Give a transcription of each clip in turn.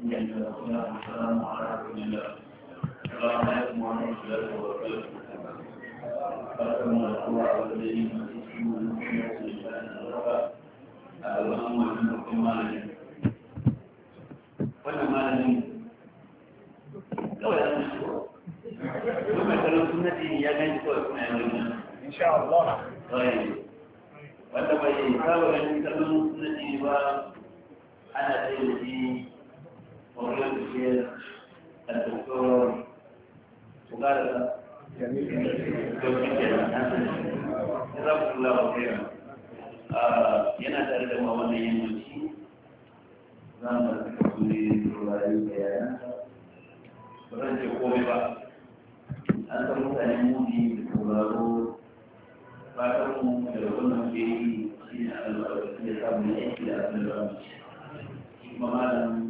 السلام على رسول الله السلام عليكم ورحمة الله وبركاته أرحم الأقوى والذين يسلمون في الله الرفع اللهم انكم مالك ولا مالك لو يا ثم كانوا سنتي يا جاي ان شاء الله طيب وانت ما يساوي ان كانوا سنتي وانا سيدي فضيلة الشيخ الدكتور مبارك جزاكم الله خيرا yana tare da ma wannan yammaci za mu suka kuri turare da yaya ba zan ce komai ba an san mutane muni da turaro fatan mu da wannan ke shi ne a albarkacin ya samun yaki da abin da za mu ci kuma malam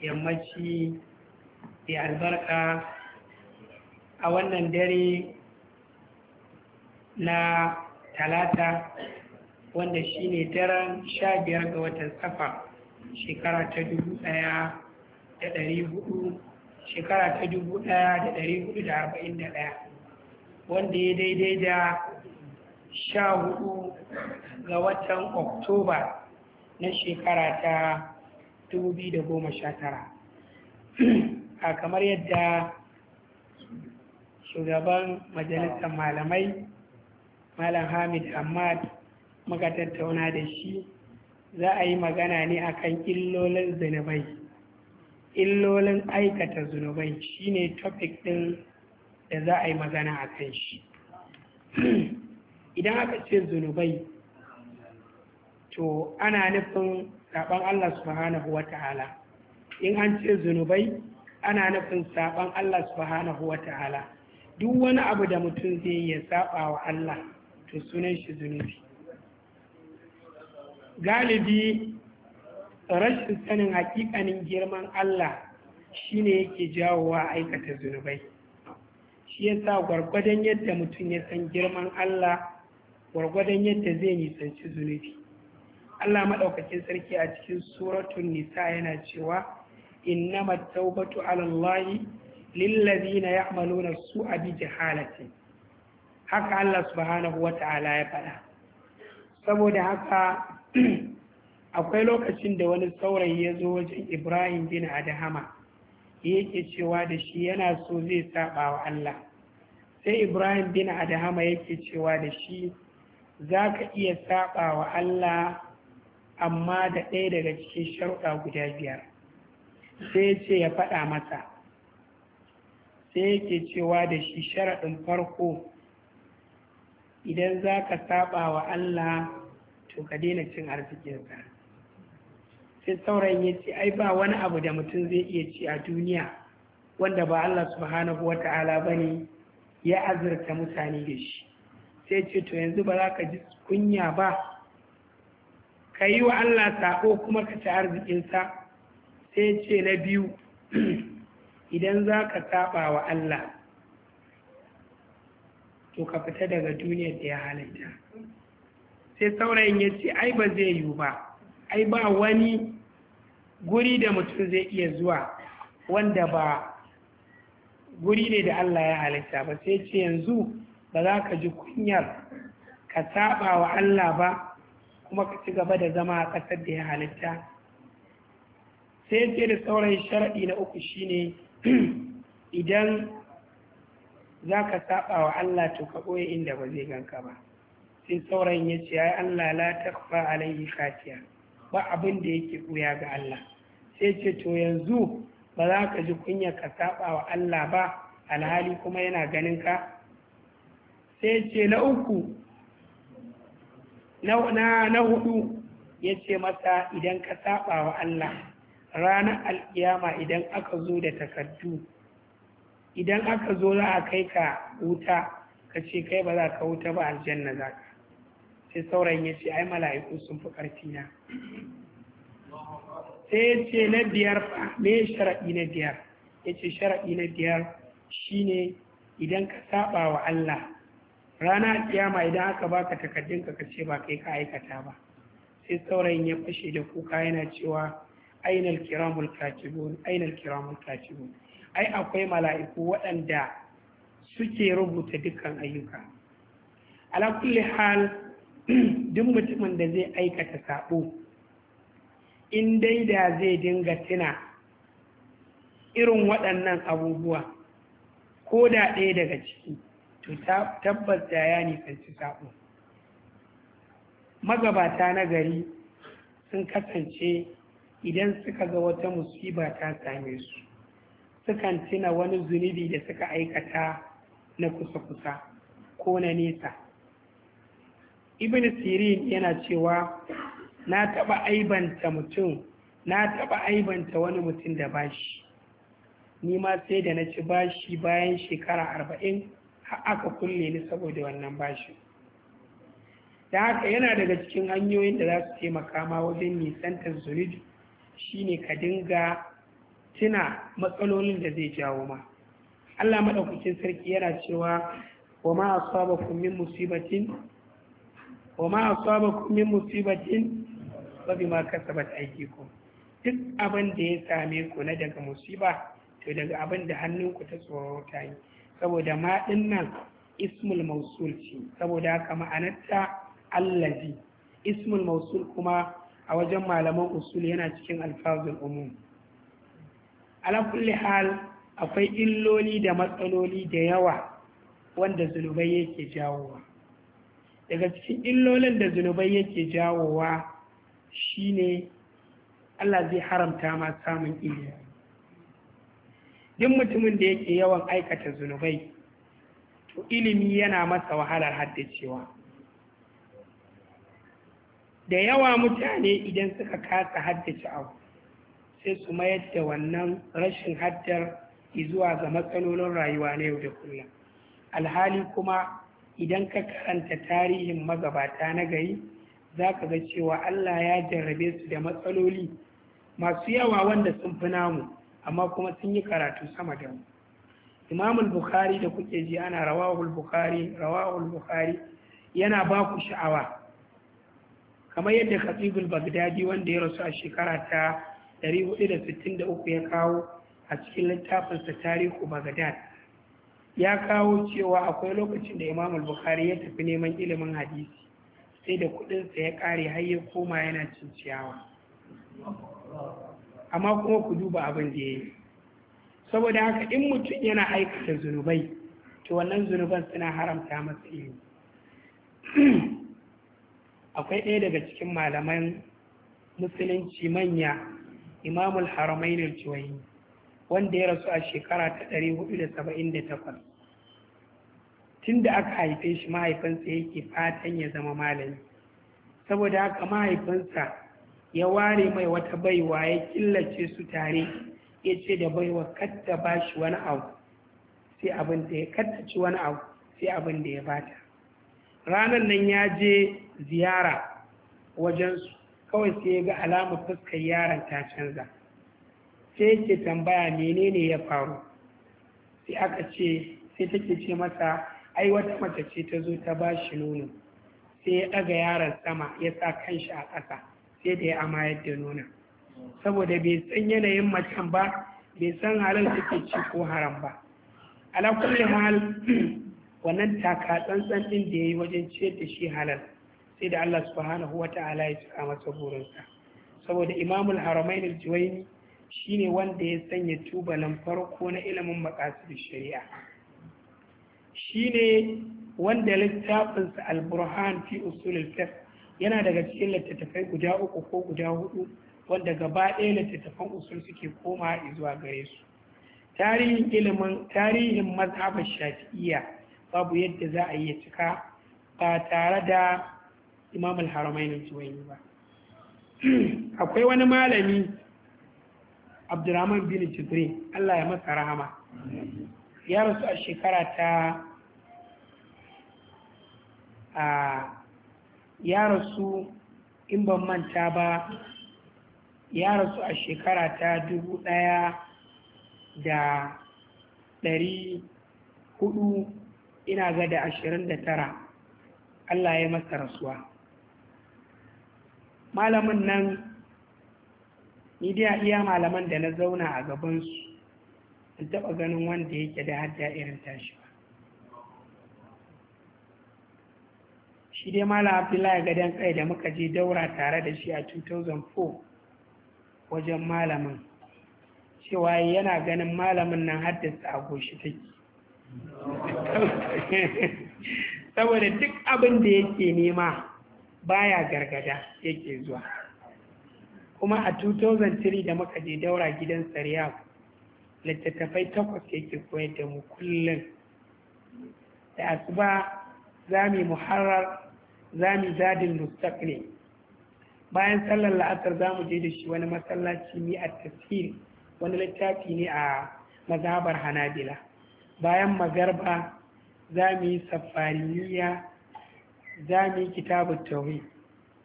yammaci ya albarka a wannan dare na talata wanda shi ne daren sha biyar ga watan safa shekara ta dubu ɗaya da ɗari hudu shekara ta dubu daya da ɗari hudu da arba'in da ɗaya wanda ya daidai da sha hudu ga watan oktoba na shekara ta 2019 a kamar yadda shugaban majalisar malamai malam hamid ahmad muka tattauna da shi za a yi magana ne akan illolin zunubai illolin aikata zunubai shine topic din da za a yi magana a kan shi idan aka ce zunubai to ana nufin saban Allah subhanahu wa ta'ala in an ce zunubai ana nufin saɓan Allah subhanahu wa ta'ala duk wani abu da mutum zai ya saɓa wa Allah to sunan shi zunubi galibi rashin sanin hakikanin girman Allah shine yake jawowa aikata zunubai shi yasa gwargwadon yadda mutum ya san girman Allah gwargwadon yadda zai nisanci zunubi Allah maɗaukakin sarki a cikin suratun nisa yana cewa innama taubatu ala Allah lillazina ya'maluna su'a bi jahalati haka Allah subhanahu wata'ala ya faɗa saboda haka akwai lokacin da wani saurayi ya zo wajen Ibrahim bin Adahama yake cewa da shi yana so zai saba wa Allah sai Ibrahim bin Adahama yake cewa da shi za ka iya saba wa Allah amma da ɗaya daga cikin sharuɗa guda biyar sai ce ya faɗa masa sai yake cewa da shi sharaɗin farko idan za ka saba wa Allah to ka daina cin arzikinsa sai sauran ya ce ai ba wani abu da mutum zai iya ci a duniya wanda ba Allah subhanahu wa ta'ala ba ne ya azurta mutane da shi sai ce to yanzu ba za ka ji kunya ba ka yi wa Allah sako kuma ka ci arzikinsa sai ce na biyu idan za ka saba wa Allah to ka fita daga duniyar da ya halitta sai saurayin ya ce ai ba zai yiwu ba ai ba wani guri da mutum zai iya zuwa wanda ba guri ne da Allah ya halitta ba sai ce yanzu ba za ka ji kunyar ka saba wa Allah ba kuma ka ci gaba da zama a ƙasar da ya halitta sai ce da sauran sharaɗi na uku shine idan za ka saba wa Allah to ka ɓoye inda ba zai ganka ba sai sauran ya ce ai Allah la takfa alaihi khatiya ba abin da yake ɓuya ga Allah sai ce to yanzu ba za ka ji kunya ka saɓa wa Allah ba alhali kuma yana ganin ka sai ce na uku na hudu ya ce masa idan ka saba wa Allah ranar alkiyama idan aka zo da takardu idan aka zo za a kai ka wuta ka ce kai ba za ka wuta ba aljanna za ka sai sauran ya ce ai mala'iku sun fi ƙarfi na sai ya ce na biyar fa me sharaɗi na biyar ya ce sharaɗi na biyar shine idan ka saba wa Allah rana kiyama idan aka baka takardun ka ce ba kai ka aikata ba sai saurayin ya fashe da kuka yana cewa ainal kiramul katibun ainal kiramul katibun ai akwai mala'iku waɗanda suke rubuta dukkan ayyuka ala kulli hal duk mutumin da zai aikata sabo in dai da zai dinga tuna irin waɗannan abubuwa ko da ɗaya daga ciki to tabbas da ya nisanci saɓo magabata na gari sun kasance idan suka ga wata musiba ta same su sukan tuna wani zunubi da suka aikata na kusa-kusa ko na nesa ibn sirin yana cewa na taɓa aibanta mutum na taɓa aibanta wani mutum da bashi ni ma sai da na ci bashi bayan shekara arba'in aka kulle ni saboda wannan bashi? da haka yana daga cikin hanyoyin da za su taimaka ma wajen nisantar zunubi shine ka dinga tuna matsalolin da zai jawo ma Allah maɗaukacin sarki yana cewa wa ma saba min musibatin bi ma kasa min musibatin ku. duk abin da ya same ku na daga musiba to daga abin da hannunku ta tsoro ta yi saboda ma nan ismul mausul ce saboda haka ma'anarta allazi ismul mausul kuma a wajen malaman usul yana cikin alfazul umum ala kulli hal akwai illoli da matsaloli da yawa wanda zunubai yake jawowa daga cikin illolin da zunubai yake jawowa shine Allah zai haramta ma samun iyali duk mutumin da yake yawan aikata zunubai to ilimi yana masa wahalar haddacewa da yawa mutane idan suka kasa haddace abu sai su mayar da wannan rashin haddar zuwa ga matsalolin rayuwa na yau da kullum alhali kuma idan ka karanta tarihin magabata na gari za ka ga cewa allah ya jarrabe su da matsaloli masu yawa wanda sun fi namu amma kuma sun yi karatu sama da mu imam bukhari da kuke ji ana rawahul bukhari rawahul bukhari yana ba ku sha'awa kamar yadda khatibul bagdadi wanda ya rasu a shekara ta 463 ya kawo a cikin littafinsa tarihu baghdad ya kawo cewa akwai lokacin da imam bukhari ya tafi neman ilimin hadisi sai da sa ya kare har ya koma yana cin ciyawa amma kuma ku duba abin da ya yi saboda haka in mutum yana aikata zunubai to wannan zunuban suna haramta masa ilimi akwai ɗaya daga cikin malaman musulunci manya imamul haramain ciwayi wanda ya rasu a shekara ta 478 tun da aka haife shi mahaifinsa yake fatan ya zama malami saboda haka mahaifinsa ya ware mai wata baiwa ya killace su tare ya ce da baiwa katta ba shi wani abu sai abin da ya ci wani abu sai abin da ya bata ranar nan ya je ziyara wajensu kawai sai ya ga alamu fuskar yaron ta canza sai ke tambaya menene ya faru sai aka ce sai take ce masa ai wata mace ce ta zo ta ba shi nono sai ya ɗaga yaron sama ya sa kanshi a ƙasa sai da ya amayar da nuna saboda bai san yanayin macen ba bai san halin suke ci ko haram ba ala kulli hal wannan taka tsantsan din da yi wajen ciyar da shi halal sai da Allah subhanahu wata'ala ya cika masa burinsa saboda imamul haramain al-juwayni shine wanda ya sanya tubalan farko na ilimin maqasid shari'a shine wanda littafinsa al-burhan fi usul al yana daga cikin littattafai guda uku ko guda hudu wanda gaba ɗaya littattafan usul suke koma zuwa gare su tarihin ilimin tarihin mazhabar shafi'iyya babu yadda za a iya cika ba tare da imam al-haramain juwayi ba akwai wani malami abdurrahman bin jibrin allah ya masa rahama ya rasu a shekara ta ya rasu in ban manta ba ya rasu a shekara ta dubu ɗaya da ɗari hudu ina ga da ashirin da tara allah ya masa rasuwa malamin nan ni dai iya malaman da na zauna a gabansu in taɓa ganin wanda yake da hadda irin tashi ba shi dai mala abdullahi gadon Kai da muka je daura tare da shi a 2004 wajen malamin cewa yana ganin malamin nan haddasa a goshi take saboda duk abin da yake nema baya gargada yake zuwa kuma a 2003 da muka je daura gidan sariya littattafai takwas yake koyar da mu kullum da asuba za mu muharrar za mu zadin mustaqli bayan sallar la'asar za mu je da shi wani masallaci ni a tafsir wani littafi ne a mazhabar hanabila bayan magarba za mu yi safariya za mu yi kitabu tauhid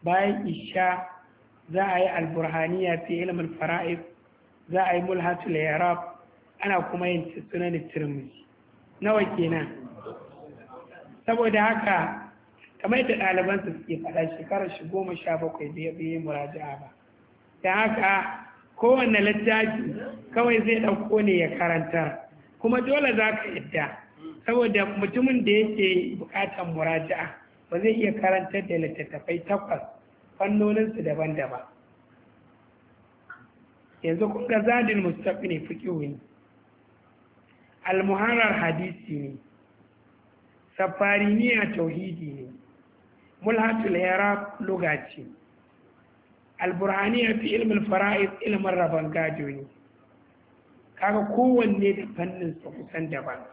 bayan isha za a yi alburhaniya fi ilmin fara'id za a yi mulhatul yarab ana kuma yin sunan tirmidhi nawa kenan saboda haka kamar yadda ɗalibansa suke faɗa shekarar shi goma sha bakwai da ya yi muraja'a ba da haka kowane littafi kawai zai ɗauko ne ya karanta kuma dole za ka yadda saboda mutumin da yake buƙatar muraja'a ba zai iya karantar da littattafai takwas fannoninsu daban-daban yanzu kun ga zadin mustafi ne fi ne almuharar hadisi ne safariniya tauhidi ne mulhatul i'rab lugaci. alburhaniya fi ilmin fara'id ilmin rabon gado ne kaga kowanne da fannin su kusan daban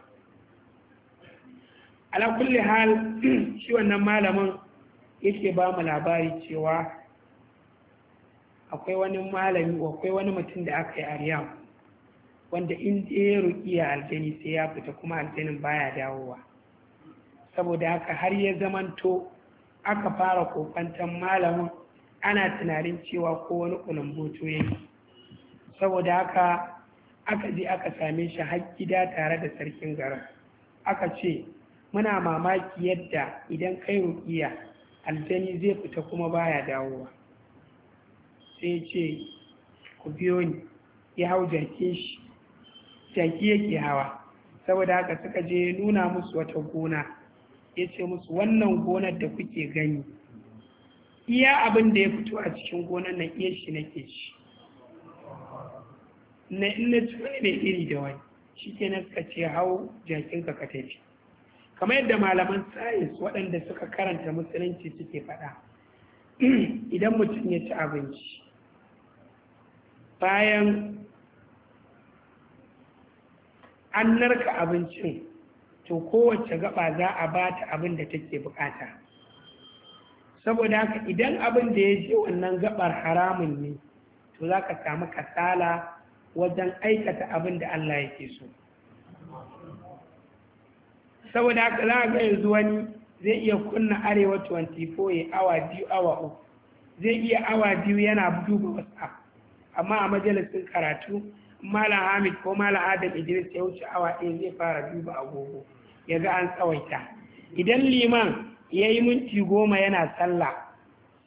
ala kulli hal shi wannan malamin yake ba mu labari cewa akwai wani malami akwai wani mutum da aka yi ariyam wanda in ya rukiya aljani sai ya fita kuma aljanin baya dawowa saboda haka har ya zamanto aka fara kokwantan malamin ana tunanin cewa ko wani kunan boto yake saboda haka aka je aka same shi har gida tare da sarkin garin aka ce muna mamaki yadda idan kai rukiya aljani zai fita kuma baya dawowa sai ce ku biyo ni ya hau jakin shi jaki yake hawa saboda haka suka je nuna musu wata gona ya ce musu wannan gonar da kuke gani iya abin da ya fito a cikin gonar na iya shi nake shi na ina turai mai iri da wani shi ke na suka ce hau jakin ka tafi kamar yadda malaman sayis waɗanda suka karanta musulunci suke faɗa idan mutum ya ci abinci bayan an narka abincin to kowace gaba za a ba ta abin da take bukata saboda haka idan abin da ya je wannan gabar haramun ne to za ka samu kasala wajen aikata abin da Allah yake so saboda haka za a ga yanzu wani zai iya kunna arewa 24 ya awa biyu awa uku zai iya awa biyu yana duba whatsapp amma a majalisin karatu mala hamid ko mala adam idris ya wuce awa ɗaya zai fara duba agogo ya ga an tsawaita idan liman ya yi minti goma yana sallah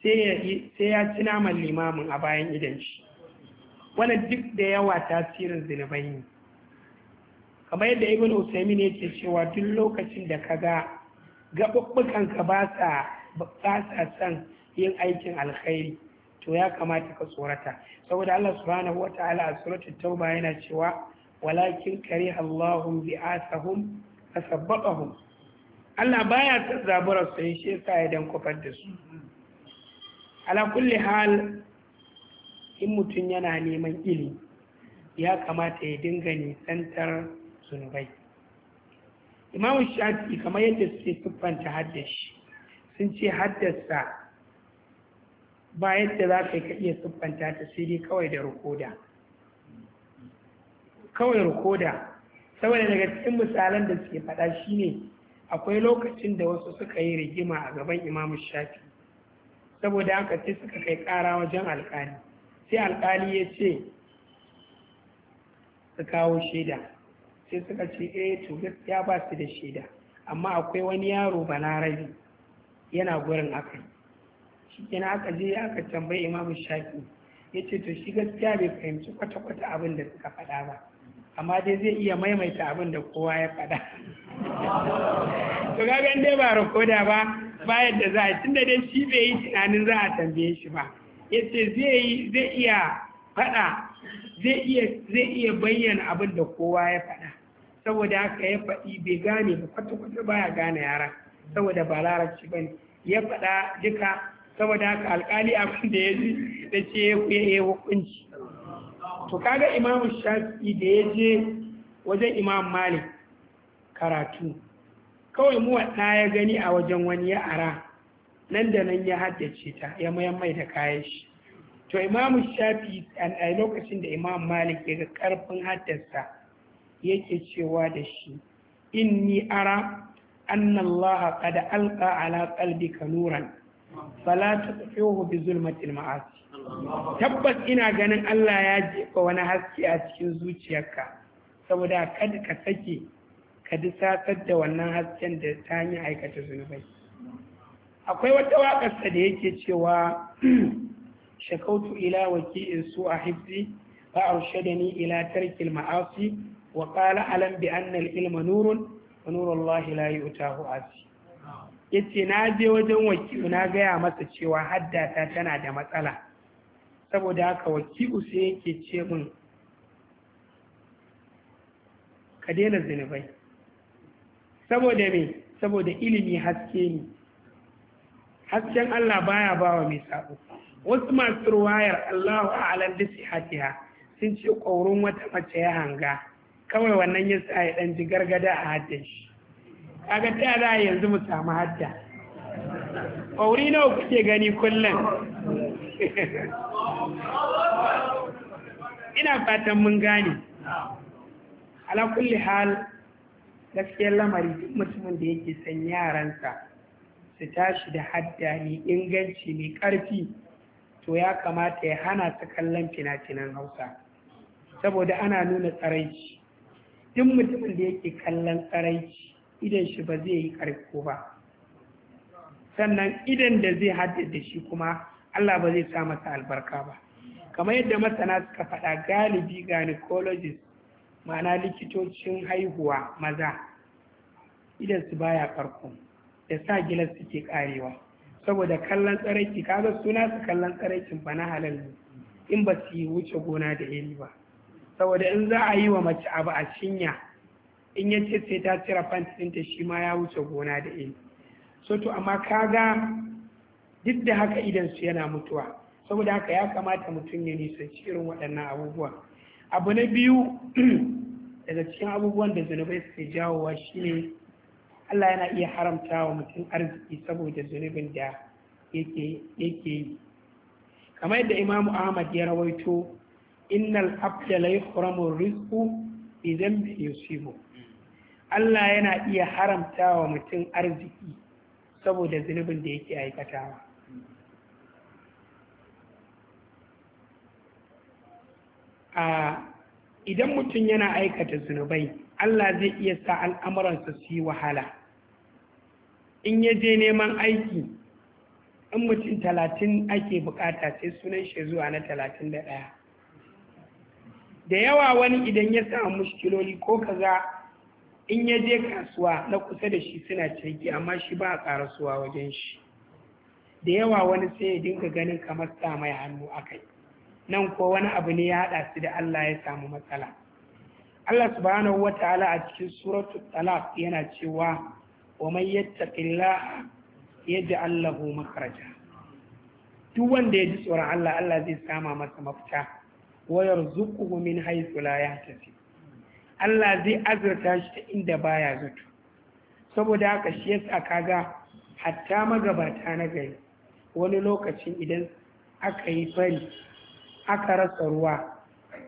sai ya ci naman limamin a bayan idan shi wani duk da yawa tasirin zunubai ne kamar yadda ibn ne ce cewa duk lokacin da ka ga ka ba sa son yin aikin alkhairi to ya kamata ka tsorata saboda Allah subhanahu wata'ala a suratul tauba yana cewa walakin kariha Allahu asahum fasabbaqahum Allah baya ta zabura su yi shi yasa idan kofar da su ala kulli hal in mutum yana neman ilimi ya kamata ya dinga nisantar zunubai imamu shafi kamar yadda suke siffanta haddashi sun ce haddasa ba yadda za ka yi ka iya siffanta ta sai dai kawai da rikoda kawai rikoda saboda daga cikin misalan da suke faɗa shine akwai lokacin da wasu suka yi rigima a gaban imamu shafi saboda haka sai suka kai ƙara wajen alƙali sai alƙali ya ce su kawo shaida sai suka ce eh to gaskiya ba su da shaida amma akwai wani yaro balarabi yana gurin akai shi aka je aka tambayi imamu shafi ya ce to shi gaskiya bai fahimci kwata-kwata abin da suka faɗa ba amma dai zai iya maimaita abin da kowa ya faɗa to gagan dai ba rakoda ba bayan da za a da dai shi bai yi tunanin za a tambaye shi ba ya ce zai iya faɗa zai iya bayyana abin da kowa ya faɗa saboda haka ya faɗi bai gane ba kwata-kwata baya gane yara saboda ba larabci ba ne ya faɗa duka saboda haka alkali abin da ya ji da ce ya kuya ya hukunci to kaga Imam shafi da ya je wajen imam malik karatu kawai mu wadda ya gani a wajen wani ya ara nan da nan ya haddace ta ya mayan mai da kayan shi to Imam shafi a lokacin da imam malik ya ga karfin haddasa yake cewa da shi inni ara annallaha kada alqa ala qalbika nuran fala tuqihu bi zulmatil ma'asi tabbas ina ganin Allah ya jefa wani haske a cikin zuciyarka saboda kada ka sake ka disasar da wannan hasken da ta hanyar aikata zunubai akwai wata wakarsa da yake cewa shakautu ila waki in su a hibzi fa arshadani ila tarkil ma'asi wa qala alam bi anna al ilma nurun wa nurullahi la yu'tahu asi ya ce na je wajen wakilu na gaya masa cewa haddata tana da matsala saboda haka wakilu sai yake ce min ka daina zunubai saboda me saboda ilimi haske ne hasken Allah baya bawa mai sabo wasu masu ruwayar Allahu a'lam da sihatiha sun ce ƙorin wata mace ya hanga kawai wannan ya sa ya ɗan gargada a haddashi. kaga ta za yanzu mu samu hadda ƙauri nawa kuke gani kullum ina fatan mun gane ala kulli hal gaskiyar lamari duk mutumin da yake san yaransa su tashi da hadda mai inganci mai ƙarfi to ya kamata ya hana su kallon fina-finan hausa saboda ana nuna tsaraici duk mutumin da yake kallon tsaraici idan shi ba zai yi karko ba sannan idan da zai haddada shi kuma Allah ba zai sa masa albarka ba kamar yadda masana suka faɗa galibi gynecologist ma'ana likitocin haihuwa maza idan su baya karko da sa gilas suke karewa saboda kallon tsaraki kaga suna su kallon tsarakin ba na halal ne in ba su yi wuce gona da iri ba saboda in za a yi wa mace abu a cinya in ya ce sai ta cire fans ta shi ma ya wuce gona da iri so to amma kaga duk da haka idan su yana mutuwa saboda haka ya kamata mutum ya nisanci irin waɗannan abubuwa abu na biyu daga cikin abubuwan da zunubai suke jawowa shine Allah yana iya haramta wa mutum arziki saboda zunubin da yake yi kamar yadda imamu ahmad ya rawaito innal abda la yuhramu idan bi yi yusibu Allah yana iya haramta wa mutum arziki saboda zunubin da yake aikatawa a idan mutum yana aikata zunubai Allah zai iya sa al'amuransa su yi wahala in ya je neman aiki in mutum talatin ake bukata sai sunan shi zuwa na talatin da ɗaya da yawa wani idan ya sa mushkiloli ko kaza in ya je kasuwa na kusa da shi suna cirki, amma shi ba a karasuwa wajen shi da yawa wani sai ya dinga ganin kamar sa mai hannu a kai nan ko wani abu ne ya haɗa su da Allah ya samu matsala Allah subhanahu wa a cikin suratul talaq yana cewa wa man yattaqillaha yaj'al lahu makhraja duk wanda ya ji tsoron Allah Allah zai sama masa mafita wa yarzuquhu min haythu la yahtasib Allah zai azurta shi ta inda baya zato saboda haka shi yasa kaga hatta magabata na gari wani lokacin idan aka yi fari aka rasa ruwa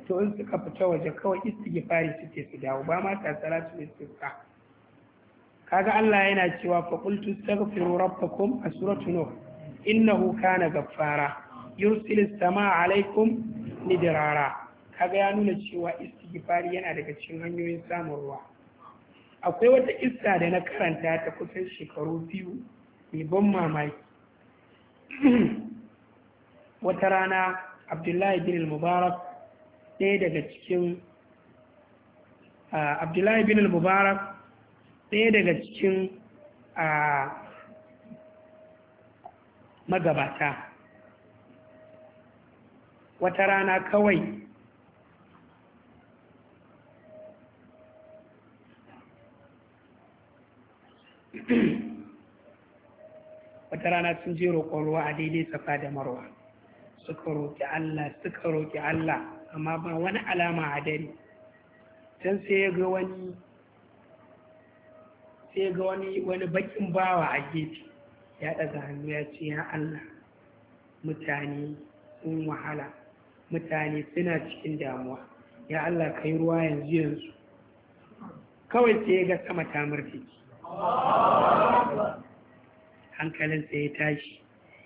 to in suka fita waje kawai istighfari suke su dawo ba ma ta salatu Ka kaga Allah yana cewa fa qultu astaghfiru rabbakum a nuh innahu kana ghaffara yursilis samaa alaikum nidrara kaga ya nuna cewa istighfari yana daga cikin hanyoyin samun ruwa akwai wata iska da na karanta ta kusan shekaru biyu mai ban mamaki wata rana abdullahi bin mubarak ɗaya daga cikin ah, abdullahi bin mubarak ɗaya daga cikin ah, magabata wata rana kawai wata rana sun je roƙon ruwa a daidai safa da marwa suka roƙi Allah suka roƙi Allah amma ba wani alama a dare can sai ya ga wani wani bakin bawa a gefe ya ɗaga hannu ya ce ya Allah mutane sun wahala mutane suna cikin damuwa ya Allah kai ruwa yanzu yanzu kawai sai ya ga sama ta murtiki Hankalinsa ya tashi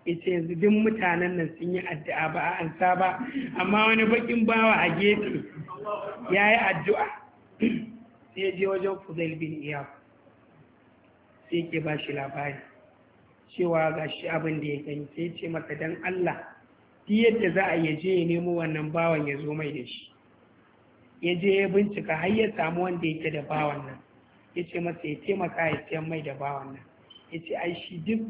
ita yanzu duk mutanen nan sun yi addu'a ba a ansa ba amma wani bakin bawa a gefe ya yi addu'a sai je wajen fuzail bin iyaf sai ke ba shi labari cewa ga shi abin da ya gani sai ce masa dan Allah duk yadda za a yaje ya nemo wannan bawan ya zo mai da shi ya je ya bincika har ya samu wanda yake da bawan nan yace masa ya taimaka ya siyan mai da bawan nan ya ce ai shi duk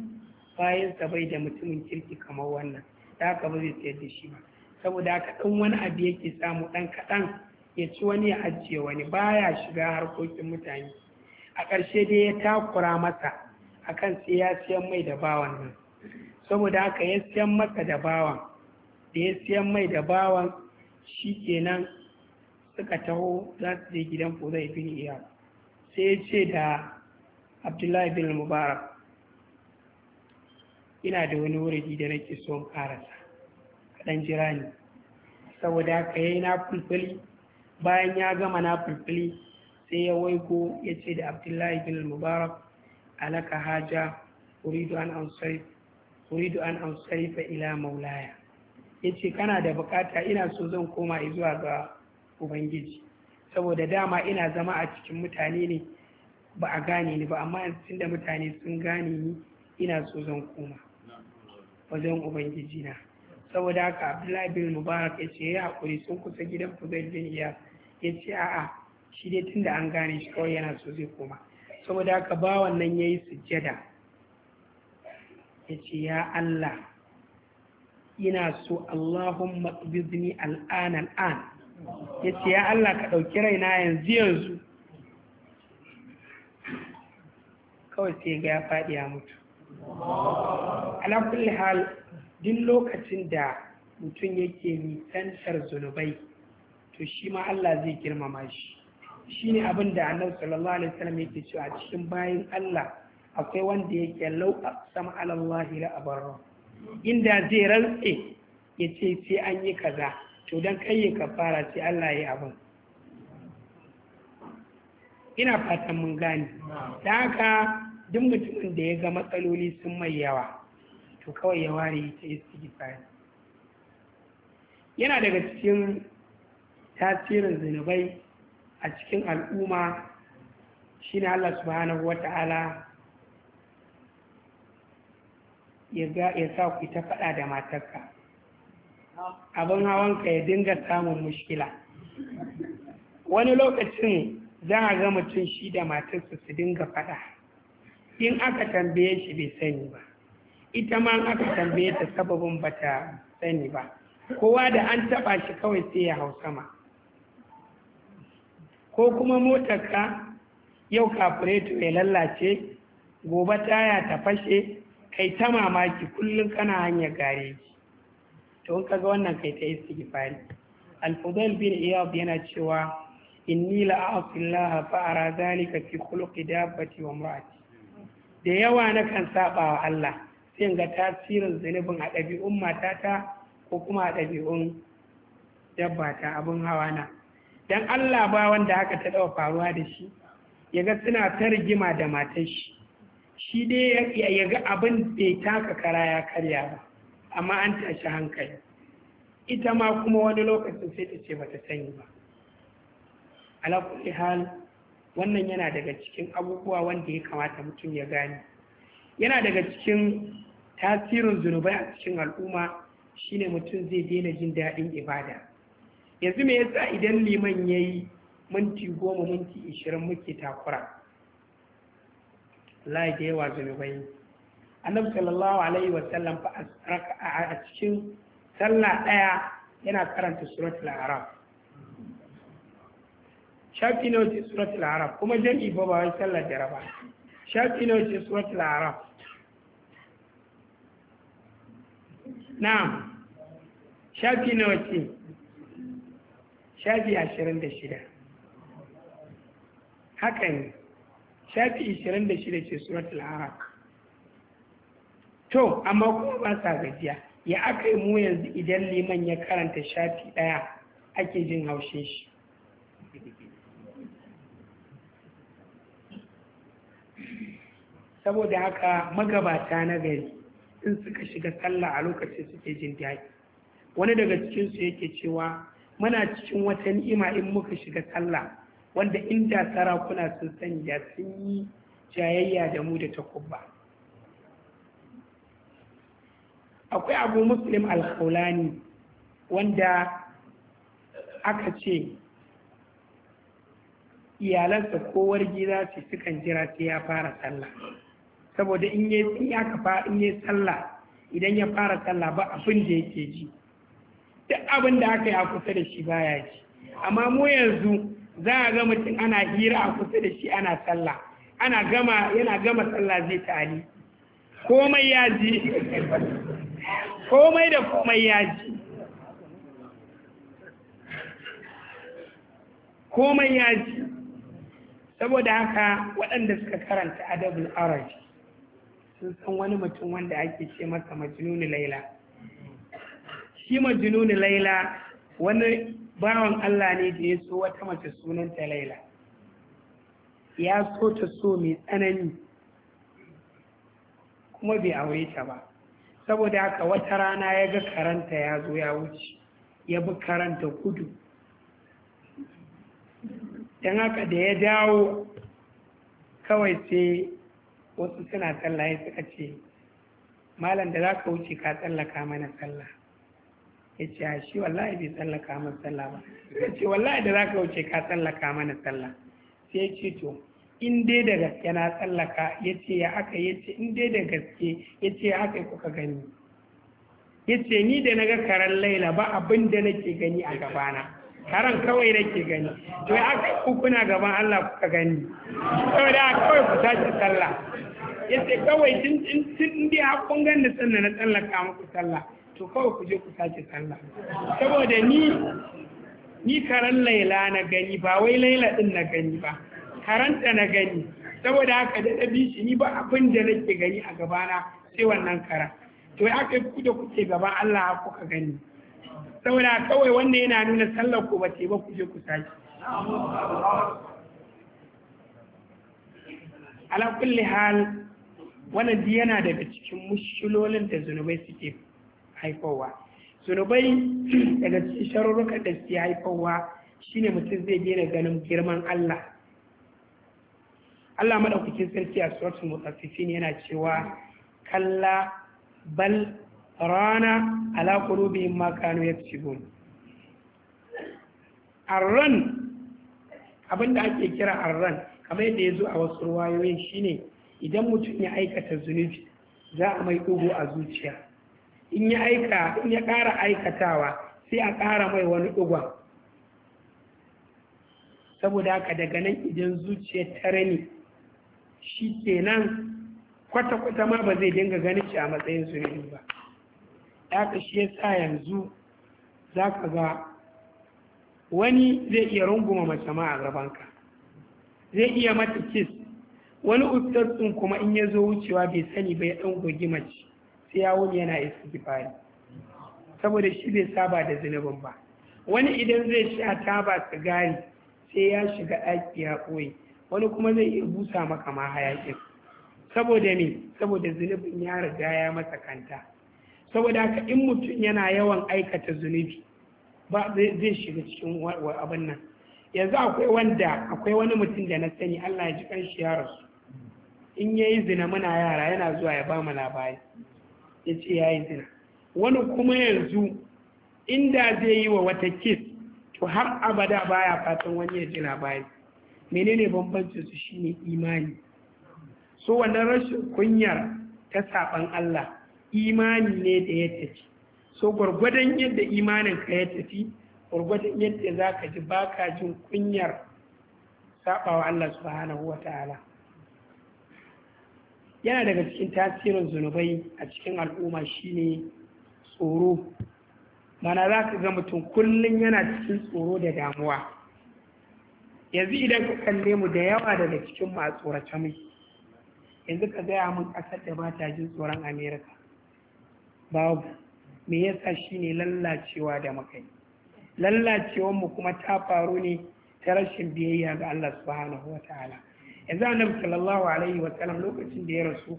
bayansa bai da mutumin kirki kamar wannan da haka ba zai siyar da shi ba saboda haka ɗan wani abu yake samu ɗan kaɗan ya ci wani ya ajiye wani baya shiga harkokin mutane a ƙarshe dai ya takura masa akan sai ya siyan mai da bawan nan saboda haka ya siyan masa da bawan da ya siyan mai da bawan shi kenan suka taho za su je gidan ko zai bin iya sai ya ce da abdullahi bin mubarak ina da wani wuri da nake son karasa kaɗan jira ni saboda ka yi na fulfuli bayan ya gama na fulfuli sai ya waiko ya ce da abdullahi bin mubarak alaka haja an fa ila maulaya ya ce kana da bukata ina so zan koma zuwa ga ubangiji saboda dama ina zama a cikin mutane ne ba a gane ni ba amma yanzu da mutane sun gane ni ina so zan koma wajen ubangiji na saboda haka abdullahi bin mubarak ya ce ya haƙuri sun kusa gidan fuzail bin iya ya ce a'a shi dai tun da an gane shi kawai yana so zai koma saboda haka ba wannan ya yi sujjada ya ce ya allah ina so allahumma tsibirni al'an al'an ya ce ya Allah ka ɗauki raina yanzu yanzu kawai sai ga ya faɗi ya mutu alakulli hal duk lokacin da mutum yake nisantar zunubai to shi ma Allah zai girmama shi shi ne abin da annabi sallallahu alaihi wasallam yake cewa cikin bayan Allah akwai wanda yake lau sama alallahi la abarra inda zai rantse ya ce sai an yi kaza to don ka kafara sai Allah ya yi abin ina fatan mun gane da haka duk mutumin da ya ga matsaloli sun mai yawa to kawai ya ware ta istighfar yana daga cikin tasirin zunubai a cikin al'umma shine Allah subhanahu wata'ala ya sa ku ta faɗa da matarka abin hawanka ya dinga samun mushkila wani lokacin za a ga mutum shi da matarsa su dinga faɗa in aka tambaye shi bai sani ba ita ma aka tambaye ta sababin ba ta sani ba kowa da an taɓa shi kawai sai ya hau sama ko kuma motarka yau kafureto ya lallace gobe taya ta fashe kai ta mamaki kullum kana hanyar gareji to in kaga wannan kai ta istighfari al-fudail bin iyad yana cewa inni la a'tillaha fa ara zalika fi khuluqi dabbati wa imraati da yawa na kan saba wa Allah sai ga tasirin zunubin a ɗabi'un matata ko kuma a ɗabi'un dabbata abun hawa na dan Allah ba wanda haka ta dawa faruwa da shi ya ga suna ta da matar shi shi dai ya ga abin bai taka kara ya karya ba amma an tashi hankali ita ma kuma wani lokacin sai ta ce bata sani ba ala hal wannan yana daga cikin abubuwa wanda ya kamata mutum ya gane yana daga cikin tasirin zunubai a cikin al'umma shine mutum zai daina jin daɗin ibada yanzu me yasa idan liman ya yi minti goma minti ishirin muke takura Allah da yawa zunubai annabi sallallahu alaihi wa sallam fa a cikin sallah ɗaya yana karanta suratul arab shafi ne wace suratul arab kuma jami'i ba ba wai sallar da raba shafi ne wace suratul arab na'am shafi ne wace shafi ashirin da shida shafi ashirin da shida ce suratul arab to amma kuma ba sa gajiya ya aka yi mu yanzu idan liman ya karanta shafi ɗaya ake jin haushe shi saboda haka magabata na gari in suka shiga sallah a lokacin suke jin daɗi wani daga cikinsu yake cewa muna cikin wata ni'ima in muka shiga sallah wanda inda sarakuna sun sanya sun yi jayayya da mu da takubba akwai abu muslim alkhaulani wanda aka ce iyalansa kowar wargi za sukan jira sai ya fara sallah saboda in yi in yi sallah idan ya fara sallah ba abin da yake ji duk abin da aka yi a kusa da shi baya ji amma mu yanzu za a ga mutum ana hira a kusa da shi ana sallah ana gama yana gama sallah zai tali komai ya ji komai da komai ya ji komai ya ji saboda haka waɗanda suka karanta adabul araj sun san wani mutum wanda ake ce masa majnuni laila shi majnuni laila wani bawan Allah ne da ya so wata mace sunanta laila ya so ta so mai tsanani kuma bai aure ta ba saboda haka wata rana ya ga karanta ya zo ya wuce ya bi karanta kudu don haka da ya dawo kawai sai wasu suna tsallaye suka ce malam da za ka wuce ka tsallaka mana tsalla ya ce a shi wallahi bai tsallaka mana tsalla ba ya ce wallahi da za ka wuce ka tsallaka mana tsalla sai ya ce to in dai da gaske na tsallaka ya ce ya aka ya ce in dai da gaske ya ce ya aka kuka gani ya ce ni da na ga karen laila ba abin da nake gani a gabana karen kawai nake gani to ya aka hukuna gaban Allah kuka gani kawai da kawai ku tashi sallah ya ce kawai tun tun dai hakun da sannan na tsallaka muku sallah to kawai ku je ku tashi sallah saboda ni ni karen laila na gani ba wai laila din na gani ba karanta na gani saboda haka da ɗabi shi ni ba abin da nake gani a gabana sai wannan kara to ya kai ku da kuke gaba Allah kuka gani saboda kawai wanda yana nuna sallar ku ba ce ba ku je ku tashi ala kulli hal wannan yana daga cikin mushkilolin da zunubai suke haifowa zunubai daga cikin sharurrukan da suke haifowa shine mutum zai daina ganin girman Allah Allah madaukakin sarki a suratul mutaffifin yana cewa kalla bal rana ala qulubihim ma kanu yaksubun arran abinda ake kira arran kamar yadda ya zo a wasu ruwayoyin shine idan mutum ya aikata zunubi za a mai ɗugu a zuciya in ya aika in ya ƙara aikatawa sai a ƙara mai wani ɗugon saboda haka daga nan idan zuciya ta rani shi kenan kwata-kwata ma ba zai dinga ganin shi a matsayin zuriri ba haka shi ya sa yanzu za ka ga wani zai iya runguma mace ma a gabanka zai iya mata kis wani ɗin kuma in ya zo wucewa bai sani bai ɗan gogi mace sai ya wuni yana istighfari saboda shi bai saba da zinubin ba wani idan zai sha taba sigari sai ya shiga ɗaki ya ɓoye wani kuma zai iya busa maka ma hayakin saboda ne saboda zunubin ya riga ya masa kanta saboda haka in mutum yana yawan aikata zunubi ba zai shiga cikin abin nan yanzu akwai wanda akwai wani mutum da na sani Allah ya ji kanshi ya rasu in yayi zina muna yara yana zuwa ya ba mu labari ya ce ya zina wani kuma yanzu inda zai yi wa wata kis to har abada baya fatan wani ya ji labari menene bambancin su shine imani so wannan rashin kunyar ta saban Allah imani ne da ya tafi so gwargwadon yadda imanin ka ya tafi gwargwadon yadda zaka ji baka jin kunyar saɓawa Allah subhanahu wa yana daga cikin tasirin zunubai a cikin al'umma shine tsoro mana za ka ga mutum kullum yana cikin tsoro da damuwa yanzu idan ka kalle mu da yawa daga cikin a tsorace mai yanzu ka gaya mun ƙasar da ba ta jin tsoron amerika babu me yasa shi ne lallacewa da makai lallacewar mu kuma ta faru ne ta rashin biyayya ga Allah subhanahu wa ta'ala yanzu annabi sallallahu alaihi wa sallam lokacin da ya rasu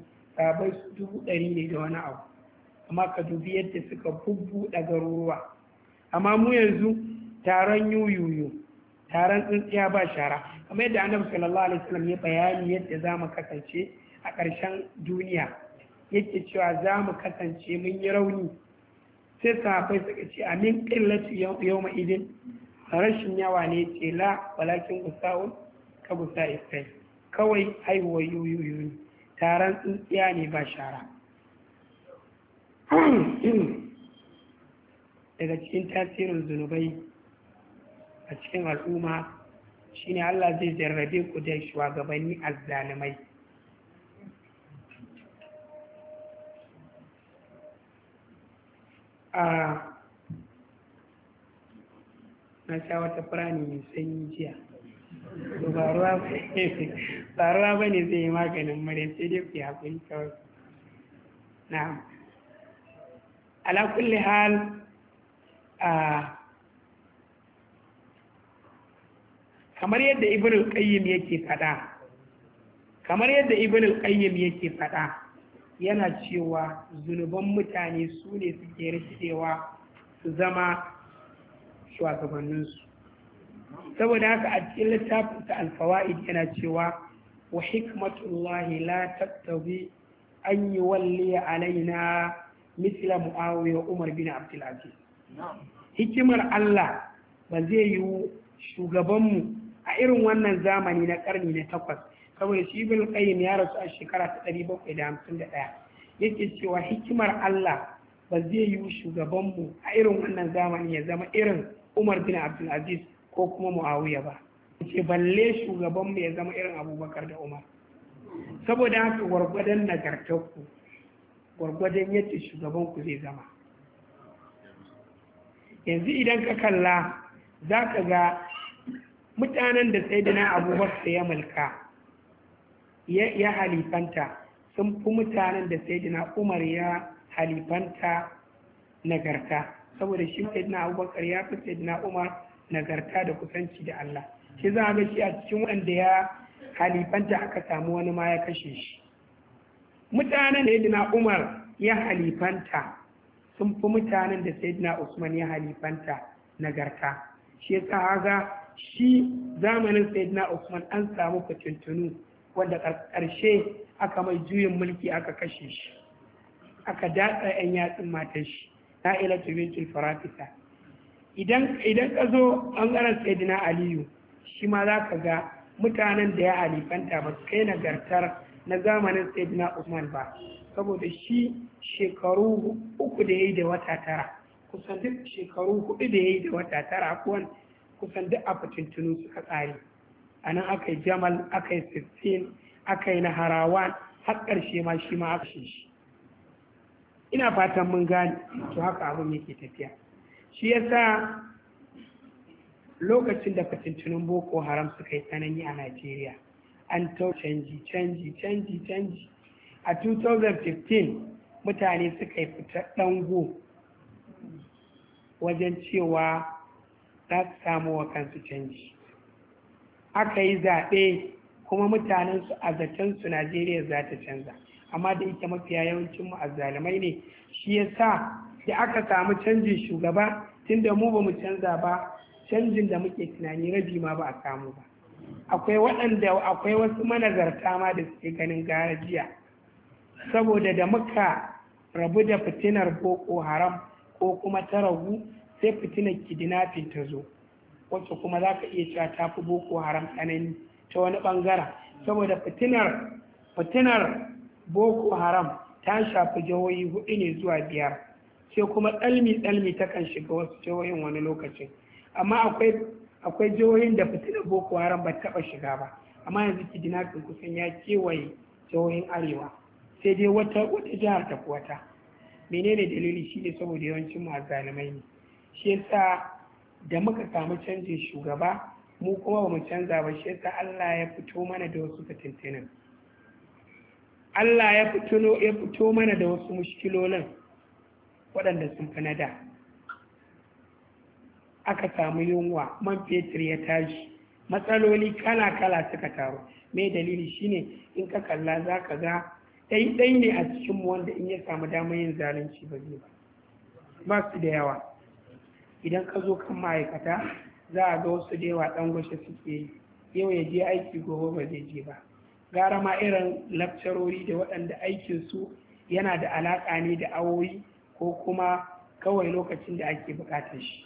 su dubu ɗari ne da wani abu amma ka dubi yadda suka bubbuɗa garuruwa amma mu yanzu taron yuyuyu taron tsintsiya ba shara kamar yadda annabi sallallahu alaihi wasallam ya bayani yadda za mu kasance a ƙarshen duniya yake cewa za mu kasance mun yi rauni sai sahabbai suka ce amin qillatu yawma idin rashin yawa ne ce la walakin gusa'un ka gusa isai kawai haihuwar yuyuyu ne taron tsintsiya ne ba shara daga cikin tasirin zunubai a cikin al'umma shine Allah zai jarrabe ku da shugabanni azzalimai a na sha wata firani mai sanyi jiya ba ruwa ba ne zai yi maganin murya sai dai ku haƙuri kawai na ala kulli hal a kamar yadda ibn al-qayyim yake faɗa kamar yadda ibn al-qayyim yake faɗa yana cewa zunuban mutane su ne suke rikidewa su zama shugabanninsu saboda haka a cikin littafin ta alfawa'id yana cewa wa hikmatullahi la tattabi an yi walli alaina misla muawiya umar bin abdulaziz hikimar Allah ba zai yi shugabanmu a irin wannan zamani na karni na takwas saboda shi bin ya rasu a shekara ta bakwai da da hamsin ɗaya, yake cewa hikimar Allah ba zai yi shugabanmu a irin wannan zamani ya zama irin Umar bin Abdulaziz ko kuma Muawiya ba ce balle shugabanmu ya zama irin Abubakar da Umar saboda haka gwargwadon nagartarku gwargwadon yadda shugabanku zai zama yanzu idan ka kalla za ka ga mutanen da sayyidina abubakar ya mulka ya halifanta sun fi mutanen da sayyidina umar ya halifanta nagarta saboda shi sayyidina abubakar ya fi sayyidina umar nagarta da kusanci da Allah shi za a ga shi a cikin wanda ya halifanta aka samu wani ma ya kashe shi mutanen da dina umar ya halifanta sun fi mutanen da sayyidina usman ya halifanta nagarta shi ya haga shi zamanin sayyidina Usman an samu fitintunu wanda ƙarshe aka mai juyin mulki aka kashe shi aka datsa 'yan yatsun matan shi na ila bintul farafisa idan ka zo ɓangaren sayyidina aliyu shi ma za ka ga mutanen da ya alifanta ba su kai nagartar na zamanin sayyidina usman ba saboda shi shekaru uku da ya yi da wata tara kusan duk shekaru hudu da ya yi da wata tara kuwan kusan duk a fitintunu suka tsari a nan aka yi jamal aka yi sistin aka yi naharawan har ƙarshe ma shi ma aka shi ina fatan mun gane to haka abin yake tafiya shi yasa lokacin da fitintunin boko haram suka yi tsanani a najeriya an tau canji canji canji canji a 2015 mutane suka yi fita ɗango wajen cewa za su samu wa kansu canji aka yi zaɓe kuma mutanensu a zatensu najeriya za ta canza amma da ita mafiya yawancin mu azzalumai ne shi ya sa da aka samu canjin shugaba tun da mu ba mu canza ba canjin da muke tunani rabi ma ba a samu ba akwai waɗanda akwai wasu manazarta ma da suke ganin garajiya saboda da muka rabu da fitinar boko haram ko kuma ta ragu sai fitinar kidnapping ta zo wacce kuma za ka iya cewa ta fi boko haram tsanani ta wani bangaren saboda fitinar fitinar boko haram ta shafi jihohi hudu ne zuwa biyar sai kuma tsalmi tsalmi ta kan shiga wasu jihohin wani lokacin amma akwai akwai jihohin da fitinar boko haram ba taba shiga ba amma yanzu kidnapping kusan ya kewaye jihohin arewa sai dai wata wata jihar ta wata menene dalili shine saboda yawancin mu ne shi yasa da muka samu canjin shugaba mu kuma ba mu canza ba shi yasa Allah ya fito mana da wasu fitintunan Allah ya fito ya fito mana da wasu mushkilolin waɗanda sun fi na da aka samu yunwa man fetur ya tashi matsaloli kala-kala suka taru Me dalili shine in ka kalla za ka ga ɗai ne a cikinmu wanda in ya samu damar yin zalunci ba zai ba su da yawa idan ka zo kan ma'aikata za a ga wasu da yawa ɗan gwashe suke yau ya je aiki gobe ba zai je ba gara ma irin lakcarori da waɗanda aikin su yana da alaƙa ne da awoyi ko kuma kawai lokacin da ake buƙatar shi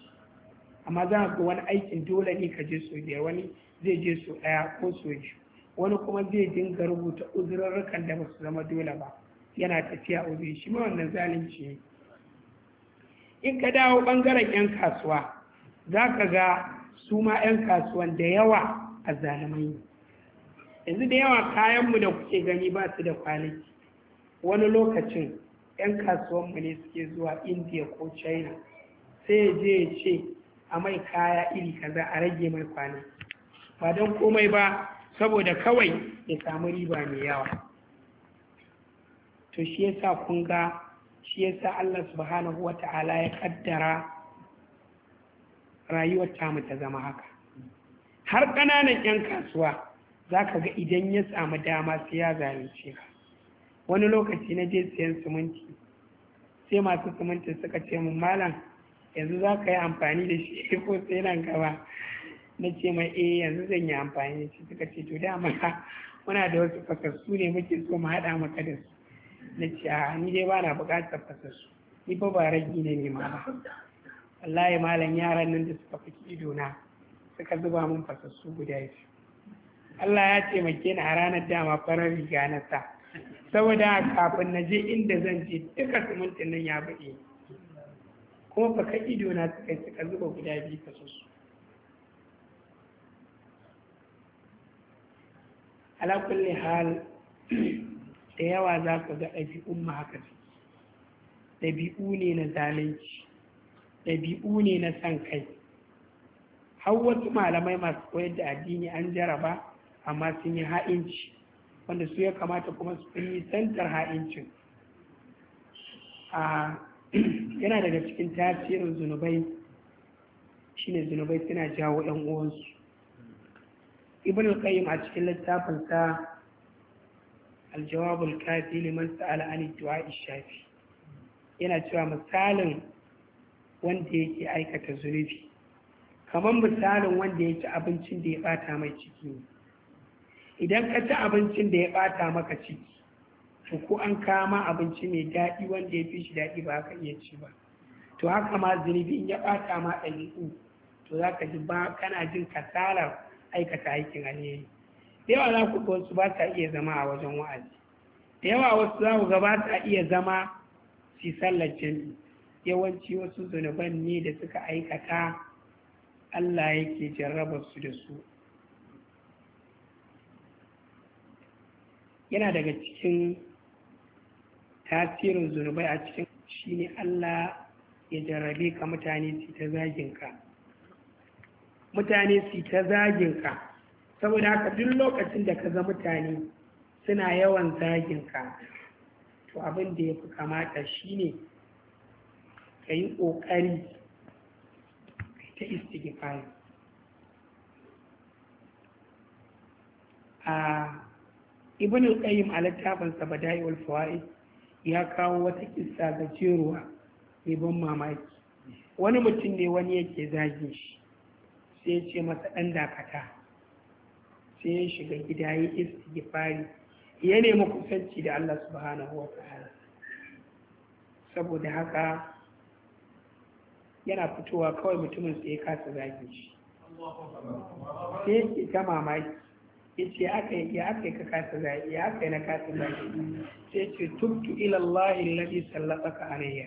amma za ga wani aikin dole ne ka je so biyar wani zai je so ɗaya ko so biyu wani kuma zai dinga rubuta uzurarrukan da ba su zama dole ba yana tafiya uzuri shi ma wannan zalunci ne in ka dawo ɓangaren 'yan kasuwa za ka ga su ma 'yan kasuwan da yawa a zalimai yanzu da yawa kayanmu da kuke gani ba su da kwanaki wani lokacin 'yan kasuwanmu ne suke zuwa india ko china sai ya je ya ce a mai kaya iri kaza a rage mai kwanaki ba don komai ba saboda kawai ya samu riba mai yawa to shi yasa kun ga shi yasa Allah subhanahu wa ta'ala ya kaddara rayuwar tamu ta zama haka har ƙananan 'yan kasuwa za ka ga idan ya samu dama sai ya zalunce ka wani lokaci na je siyan siminti sai masu siminti suka ce mun malam yanzu za ka yi amfani da shi ko sai nan gaba na ce mai eh yanzu zan yi amfani da shi suka ce to dama muna da wasu fasassu ne muke so mu haɗa maka da su na ce a ni dai ba na buƙatar su ni ba ba ragi ne ne ma wallahi malam yaran nan da suka fi idona suka zuba min fasassu guda biyu Allah ya ce mace a ranar dama farar riga na sa saboda kafin na je inda zan je duka simintin nan ya buɗe kuma ido idona suka suka zuba guda biyu fasassu ala kulli hal da yawa za ka ga ɗabi'un ma haka ɗabi'u ne na zalunci ɗabi'u ne na san kai har wasu malamai masu koyar da addini an jaraba amma sun yi ha'inci wanda su ya kamata kuma su yi santar ha'incin yana daga cikin tasirin zunubai shine zunubai suna jawo 'yan uwansu ibn al-qayyim a cikin littafinsa aljawabul kafi liman sa'ala an du'a shafi yana cewa misalin wanda yake aikata zunubi kamar misalin wanda ya ci abincin da ya bata mai ciki idan ka ci abincin da ya bata maka ciki to ko an kama abinci mai daɗi wanda ya fi shi daɗi ba ka iya ci ba to haka ma zunubi in ya bata ma ɗabi'u to za ka ji ba kana jin kasalar aikata aikin alheri da yawa za ku wasu ba ta iya zama a wajen wa'azi da yawa wasu za ku ga ba ta iya zama su sallar jami yawanci wasu zunuban ne da suka aikata Allah yake jarraba su da su yana daga cikin tasirin zunubai a cikin shine Allah ya jarrabe ka mutane su ta zaginka mutane su ta zaginka saboda haka duk lokacin da ka ga mutane suna yawan zagin ka to abin da ya fi kamata shine ka yi ƙoƙari ta istighfar a ibn al-qayyim a littafin sa badaiul fawaid ya kawo wata kissa ga jeruwa mai ban mamaki wani mutum ne wani yake zagin shi sai ya ce masa dan dakata sai ya shiga gida ya istighfari ya nemi kusanci da Allah subhanahu wa ta'ala saboda haka yana fitowa kawai mutumin sai ya kasa zagi shi sai ke ta mamaki ya ce ya aka yi ka kasa zagi ya aka yi na kasa zagi sai ce tubtu ila Allah alladhi anayya. alayya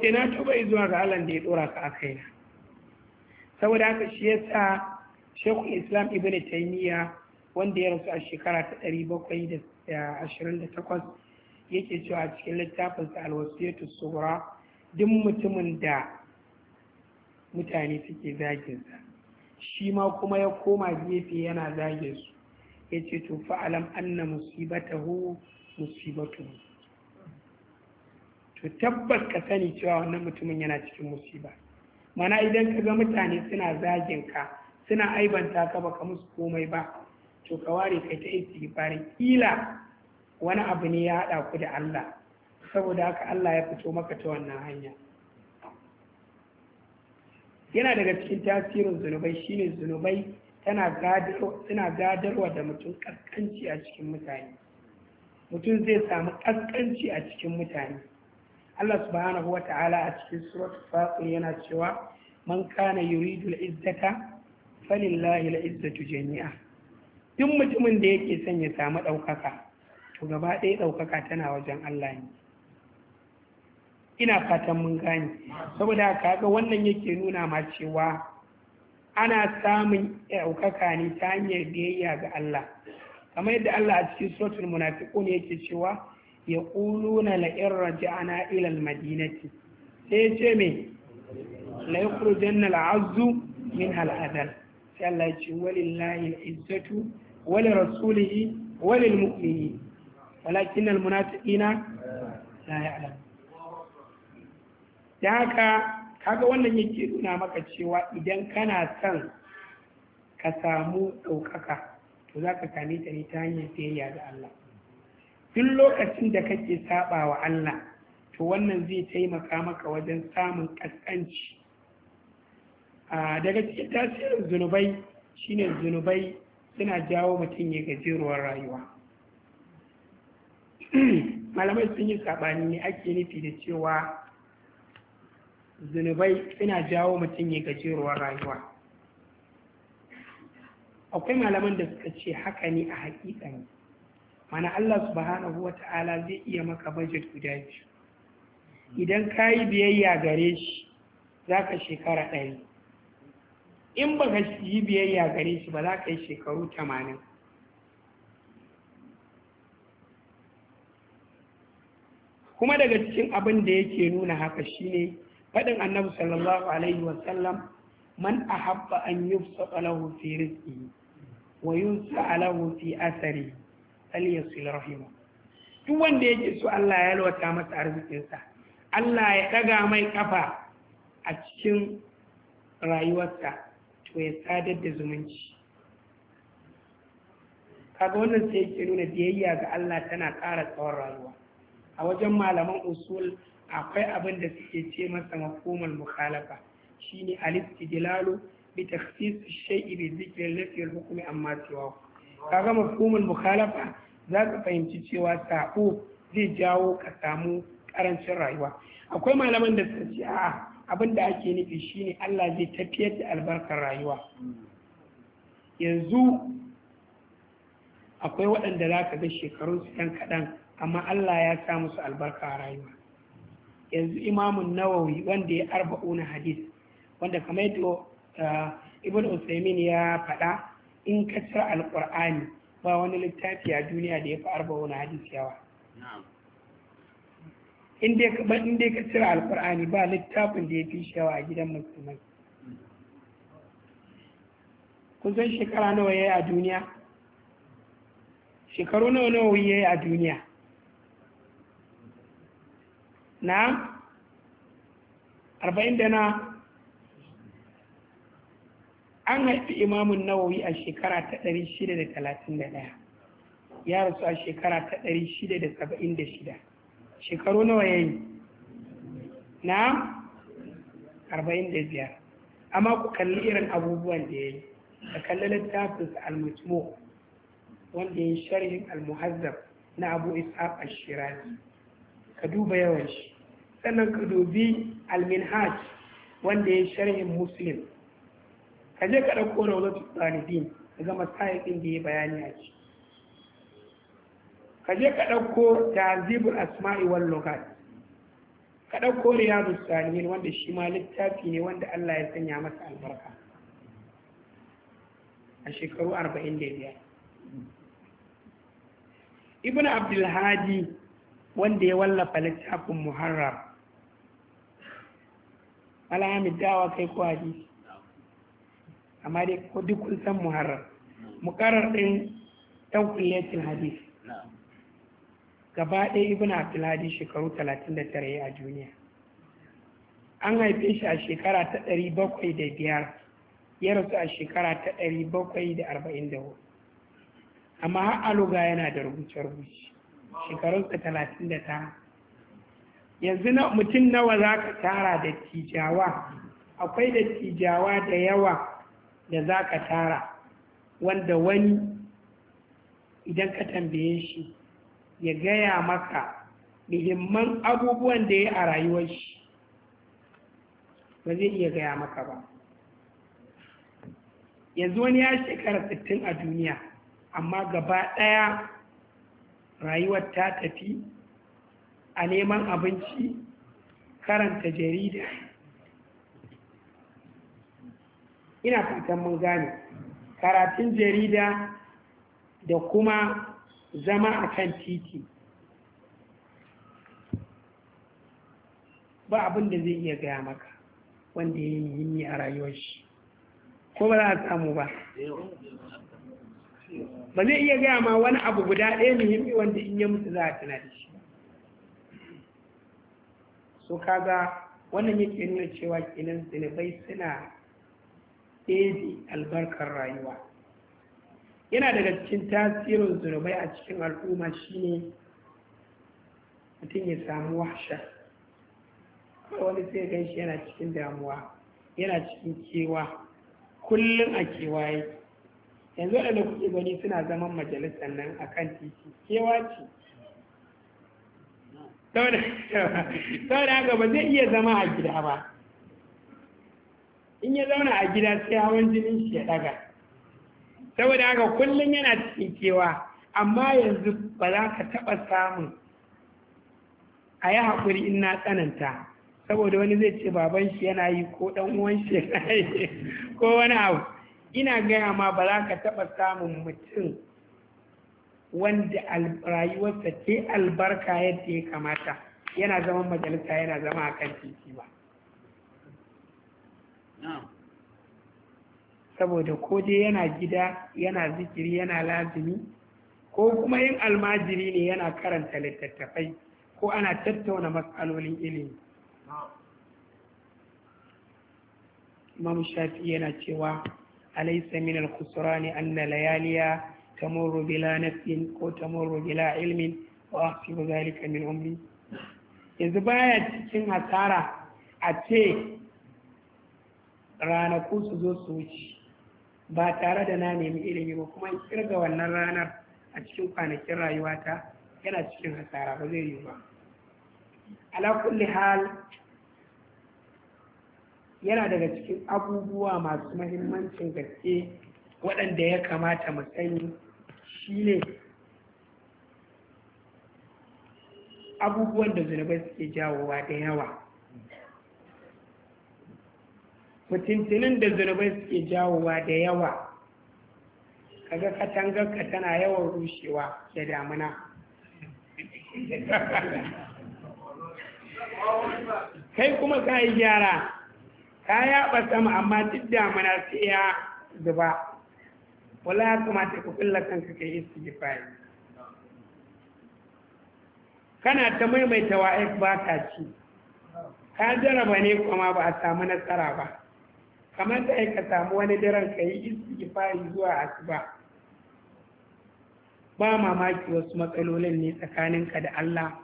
ce na tuba izuwa ga Allah da ya dora ka akai na saboda haka shi ya sa. shekul islam ibn taimiyya wanda ya rasu a shekara ta 728 yake cewa a cikin littafinsa alwasiyatu sura duk mutumin da mutane suke zaginsa shi ma kuma ya koma gefe yana zage su ya ce to fa'alam anna musibatahu musibatu to tabbas ka sani cewa wannan mutumin yana cikin musiba mana idan ka ga mutane suna zagin ka suna aibanta ka baka musu komai ba to ka ware kai ta istighfari kila wani abu ne ya haɗa ku da Allah saboda haka Allah ya fito maka ta wannan hanya yana daga cikin tasirin zunubai shine zunubai suna gadarwa da mutum kaskanci a cikin mutane mutum zai samu kaskanci a cikin mutane Allah subhanahu ta'ala a cikin suratul fatir yana cewa man kana yuridu al-izzata falillahi la'izzatu jami'a duk mutumin da yake son ya samu ɗaukaka to gaba ɗaya ɗaukaka tana wajen Allah ne ina fatan mun gane saboda kaga wannan yake nuna ma cewa ana samun ɗaukaka ne ta hanyar biyayya ga Allah kamar yadda Allah a cikin suratul munafiqun yake cewa yaquluna la in raja'na ila al-madinati sai ce me la yukhrijanna al-'azzu min al sai Allah ya ce walillahi izzatu wa rasulihi wa mu'mini walakin al munafiqina la ya'lam dan haka kaga wannan yake nuna maka cewa idan kana son ka samu ɗaukaka to za ka same ta ne ta hanyar biyayya ga Allah duk lokacin da kake saba wa Allah to wannan zai taimaka maka wajen samun ƙasƙanci daga cikin tasirin zunubai shine zunubai suna jawo mutum ya gajeruwar rayuwa malamai sun yi saɓani ne ake nufi da cewa zunubai suna jawo mutum ya gajeruwar rayuwa akwai malaman da suka ce haka ne a haƙiƙa ne mana Allah subhanahu wa ta'ala zai iya maka bajet guda biyu idan ka yi biyayya gare shi za ka shekara ɗari in ba ka yi biyayya gare shi ba za ka yi shekaru tamanin kuma daga cikin abin da yake nuna haka shine faɗin annabi sallallahu alaihi wasallam man ahabba an yufsa lahu fi rizqihi wa yunsa lahu fi asari falyasil rahima. duk wanda yake so Allah ya lwata masa arzikinsa Allah ya ɗaga mai ƙafa a cikin rayuwarsa to ya sadar da zumunci kaga wannan sai yake nuna biyayya ga Allah tana ƙara tsawon rayuwa a wajen malaman usul akwai abin da suke ce masa mafhumul mukhalafa shine al-istidlalu bi takhsis shay'i bi dhikri lafi al-hukmi amma siwa kaga mafhumul mukhalafa za ka fahimci cewa sabo zai jawo ka samu ƙarancin rayuwa akwai malaman da suka ce a'a abin da ake nufi shine Allah zai tafiyar da albarkar rayuwa yanzu akwai waɗanda za ka ga shekarun su ɗan kaɗan amma Allah ya sa musu albarka rayuwa yanzu imamun nawawi wanda ya una hadis wanda kamar yadda eh, ibn usaimin ya faɗa in ka cire alƙur'ani ba wani littafi a duniya da ya fi arba'una hadis yawa in dai ka cire alkur'ani ba littafin da ya fi shawa a gidan musulmai kun san shekara nawa ya yi a duniya shekaru nawa nawa ya yi a duniya na arba'in da na an haifi imamun nawawi a shekara ta ɗari shida da talatin da ɗaya, ya rasu a shekara ta ɗari shida da saba'in da shida. shekaru nawa ya yi na 45 amma ku kalli irin abubuwan da ya yi da kalli littafinsa al-mutmo wanda ya yi sharhin al-muhazzab na abu ishaq al-shirazi ka duba yawan shi sannan ka dubi al-minhaj wanda ya yi sharhin muslim ka je ka ɗauko rawlatul talibin daga masayin da ya bayani a ciki Kaje ka ɗauko tazibul asma'i wal lugat ka ɗauko riyadu salihin wanda shi ma littafi ne wanda Allah ya sanya masa albarka a shekaru 45 ibn hadi wanda ya wallafa littafin muharram alhamid dawa kai ko hadisi amma dai ko duk kun san muharram mukarar din ɗan kulletin hadisi gaba ɗaya ibn abdulhadi shekaru 39 a duniya an haife shi a shekara ta 705 ya rasu a shekara ta 744 amma har aluga yana da rubuce-rubuce shekarunsa 39 yanzu na mutum nawa za ka tara da tijawa akwai da tijawa da yawa da za ka tara wanda wani idan ka tambaye shi ya gaya maka muhimman abubuwan da ya a rayuwar shi ba zai iya gaya maka ba yanzu wani ya shekara 60 a duniya amma gaba ɗaya rayuwar ta tafi a neman abinci karanta jarida ina fatan mun gane karatun jarida da kuma zama a kan titi ba abin da zai iya gaya maka wanda ya yi yini a rayuwar shi ko ba za a samu ba ba zai iya gaya ma wani abu guda ɗaya muhimmi wanda in yi mutu za a tuna da shi so kaga wannan yake nuna cewa kinan zinabai suna ɗaya albarkar rayuwa yana daga cikin tasirin zunubai a cikin al'umma shine mutum ya samu washa kawai wani sai gan shi yana cikin damuwa yana cikin kewa kullum a kewaye yanzu waɗanda kuke gani suna zaman majalisar nan a kan titi kewa ce saboda haka ba zai iya zama a gida ba in ya zauna a gida sai hawan jinin shi ya ɗaga saboda haka kullum yana cikin cewa amma yanzu ba za ka taɓa samun a yi haƙuri in na tsananta saboda wani zai ce baban shi yana yi ko ɗan uwan shi yi ko wani abu ina gaya ma ba za ka taɓa samun mutum wanda rayuwarsa ke albarka yadda ya kamata yana zaman majalisa yana zama a kan titi ba. saboda ko dai yana gida yana zikiri yana lazimi ko kuma yin almajiri ne yana karanta littattafai ko ana tattauna matsalolin ilimi imam shafi yana cewa alaisa min al-khusrani anna layaliya tamurru bila nafsin ko tamurru bila ilmin wa ahsibu zalika min umri yanzu baya cikin hasara a ce ranaku su zo su wuce ba tare da na nemi ilimi ba kuma kirga wannan ranar a cikin kwanakin rayuwata yana cikin hasara ba zai yi ba ala kulli hal yana daga cikin abubuwa masu mahimmancin gaske waɗanda ya kamata mu sani shine abubuwan da zunubai suke jawowa da yawa mutuntunin da zunubai suke jawowa da yawa kaga katangarka tana yawan rushewa da damuna kai kuma ka yi gyara ka yaba sama amma duk damuna sai ya zuba wala ya kamata ka kulla kanka kai istighfari kana ta maimaita wa'ai ba ka ci ka jaraba ne kuma ba a samu nasara ba kamar da ka samu wani daren ka yi istighfari zuwa asuba ba mamaki wasu matsalolin ne tsakaninka da Allah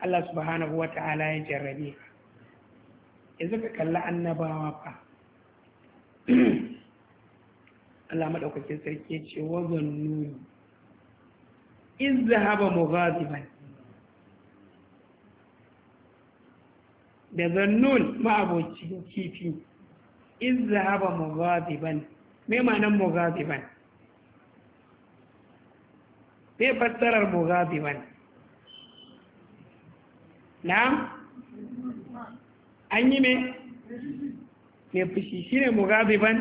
Allah subhanahu wa ta'ala ya jarrabe ka yanzu ka kalli annabawa fa Allah madaukakin sarki ce wa zannuni in zahaba mughaziban da zannun ma'abocin kifi izhaba mughadiban me ma'anar mughadiban me fassarar mughadiban na'am an yi me me fushi shine mughadiban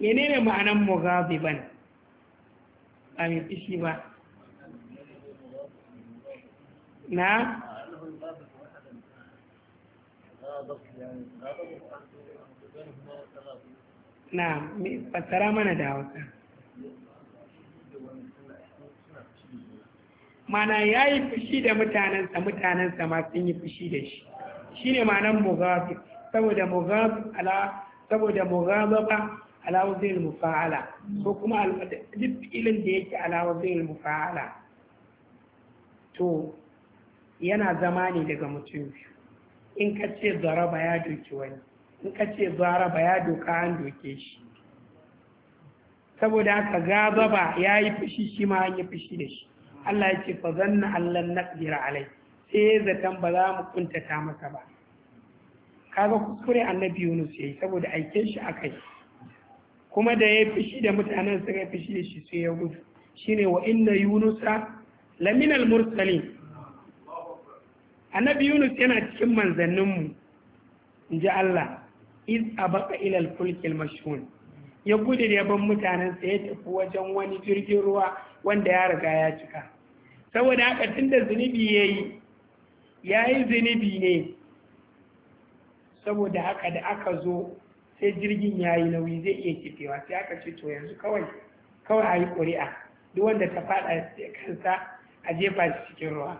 menene ma'anar mughadiban ba mai fushi ba na na fassara mana da hausa mana ya yi fushi da mutanensa mutanensa ma sun yi fushi da shi shi ne manan mugabi saboda mugabi ala saboda mugababa ala wazir mufa'ala ko kuma duk ilin da yake ala wazir mufa'ala to yana zama ne daga mutum in ka ce zaraba ya doki wani in ka ce ba ya doka an doke shi saboda haka ba ya yi fushi shi ma an yi fushi da shi Allah ya ce fa zanna Allah naqdira alai sai zaton ba za mu kuntata masa ba kaga kuskure annabi Yunus yayi saboda aikin shi yi. kuma da ya fushi da mutanen suka yi fushi da shi sai ya gudu shine wa inna yunusa laminal mursalin annabi Yunus yana cikin manzanninmu in ji Allah iz abaka ila al-fulkil mashhun ya gudu da ban mutanen sa ya tafi wajen wani jirgin ruwa wanda ya riga ya cika saboda haka tunda zunubi yayi yayi zunubi ne saboda haka da aka zo sai jirgin yayi nauyi zai iya kifewa sai aka ce to yanzu kawai kawai ayi ƙuri'a duk wanda ta faɗa kansa a jefa shi cikin ruwa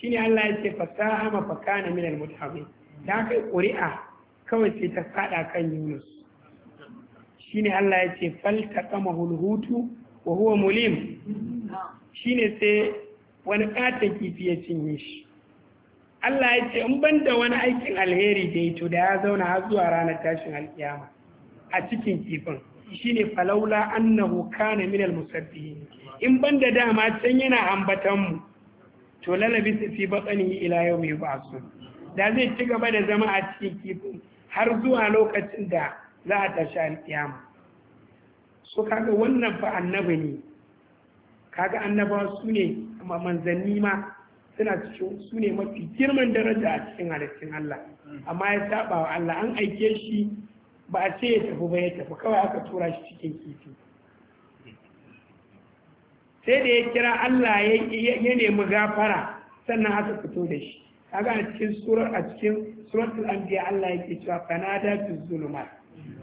shine Allah ya ce fasaha mafakana min al-mutahamin da kai ƙuri'a kawai ce ta fada kan yunus shine allah ya ce falta kama hulhutu wa huwa mulim shine sai wani katon kifi ya cinye shi allah ya ce in banda wani aikin alheri da ya to da ya zauna har zuwa ranar tashin alkiyama a cikin kifin shine falaula annahu kana minal musabbihin in banda dama can yana ambatan mu to lalabi su fi batsani ila yau mai basu da zai ci gaba da zama a cikin kifin har zuwa lokacin da za a tashi alƙiyama so kaga wannan fa annabi ne kaga annabawa su ne amma manzanni ma suna cikin su ne mafi girman daraja a cikin halittun Allah amma ya saba wa Allah an aike shi ba a ce ya tafi ba ya tafi kawai aka tura shi cikin kifi sai da ya kira Allah ya nemi gafara sannan aka fito da shi kaga a cikin surar a cikin suratul anbiya Allah yake cewa fanada fi zulumat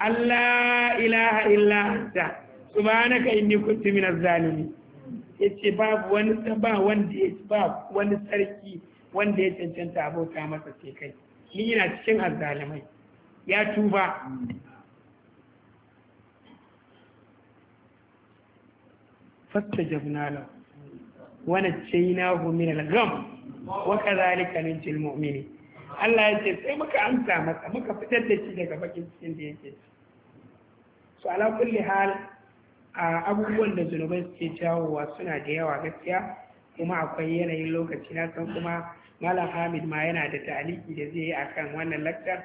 Allah ilaha illa anta subhanaka inni kuntu minaz zalimin yace babu wani ba wanda ba wani sarki wanda ya cancanta abota masa sai kai ni ina cikin azzalimai ya tuba fastajabna lahu wa najaynahu min al-gham wa kadhalika nunjil mu'mini Allah ya ce sai muka amsa masa muka fitar da shi daga bakin cikin da yake so ala kulli hal abubuwan da zunubai suke jawowa suna da yawa gaskiya kuma akwai yanayin lokaci na san kuma malam hamid ma yana da taliki da zai yi akan wannan lakcar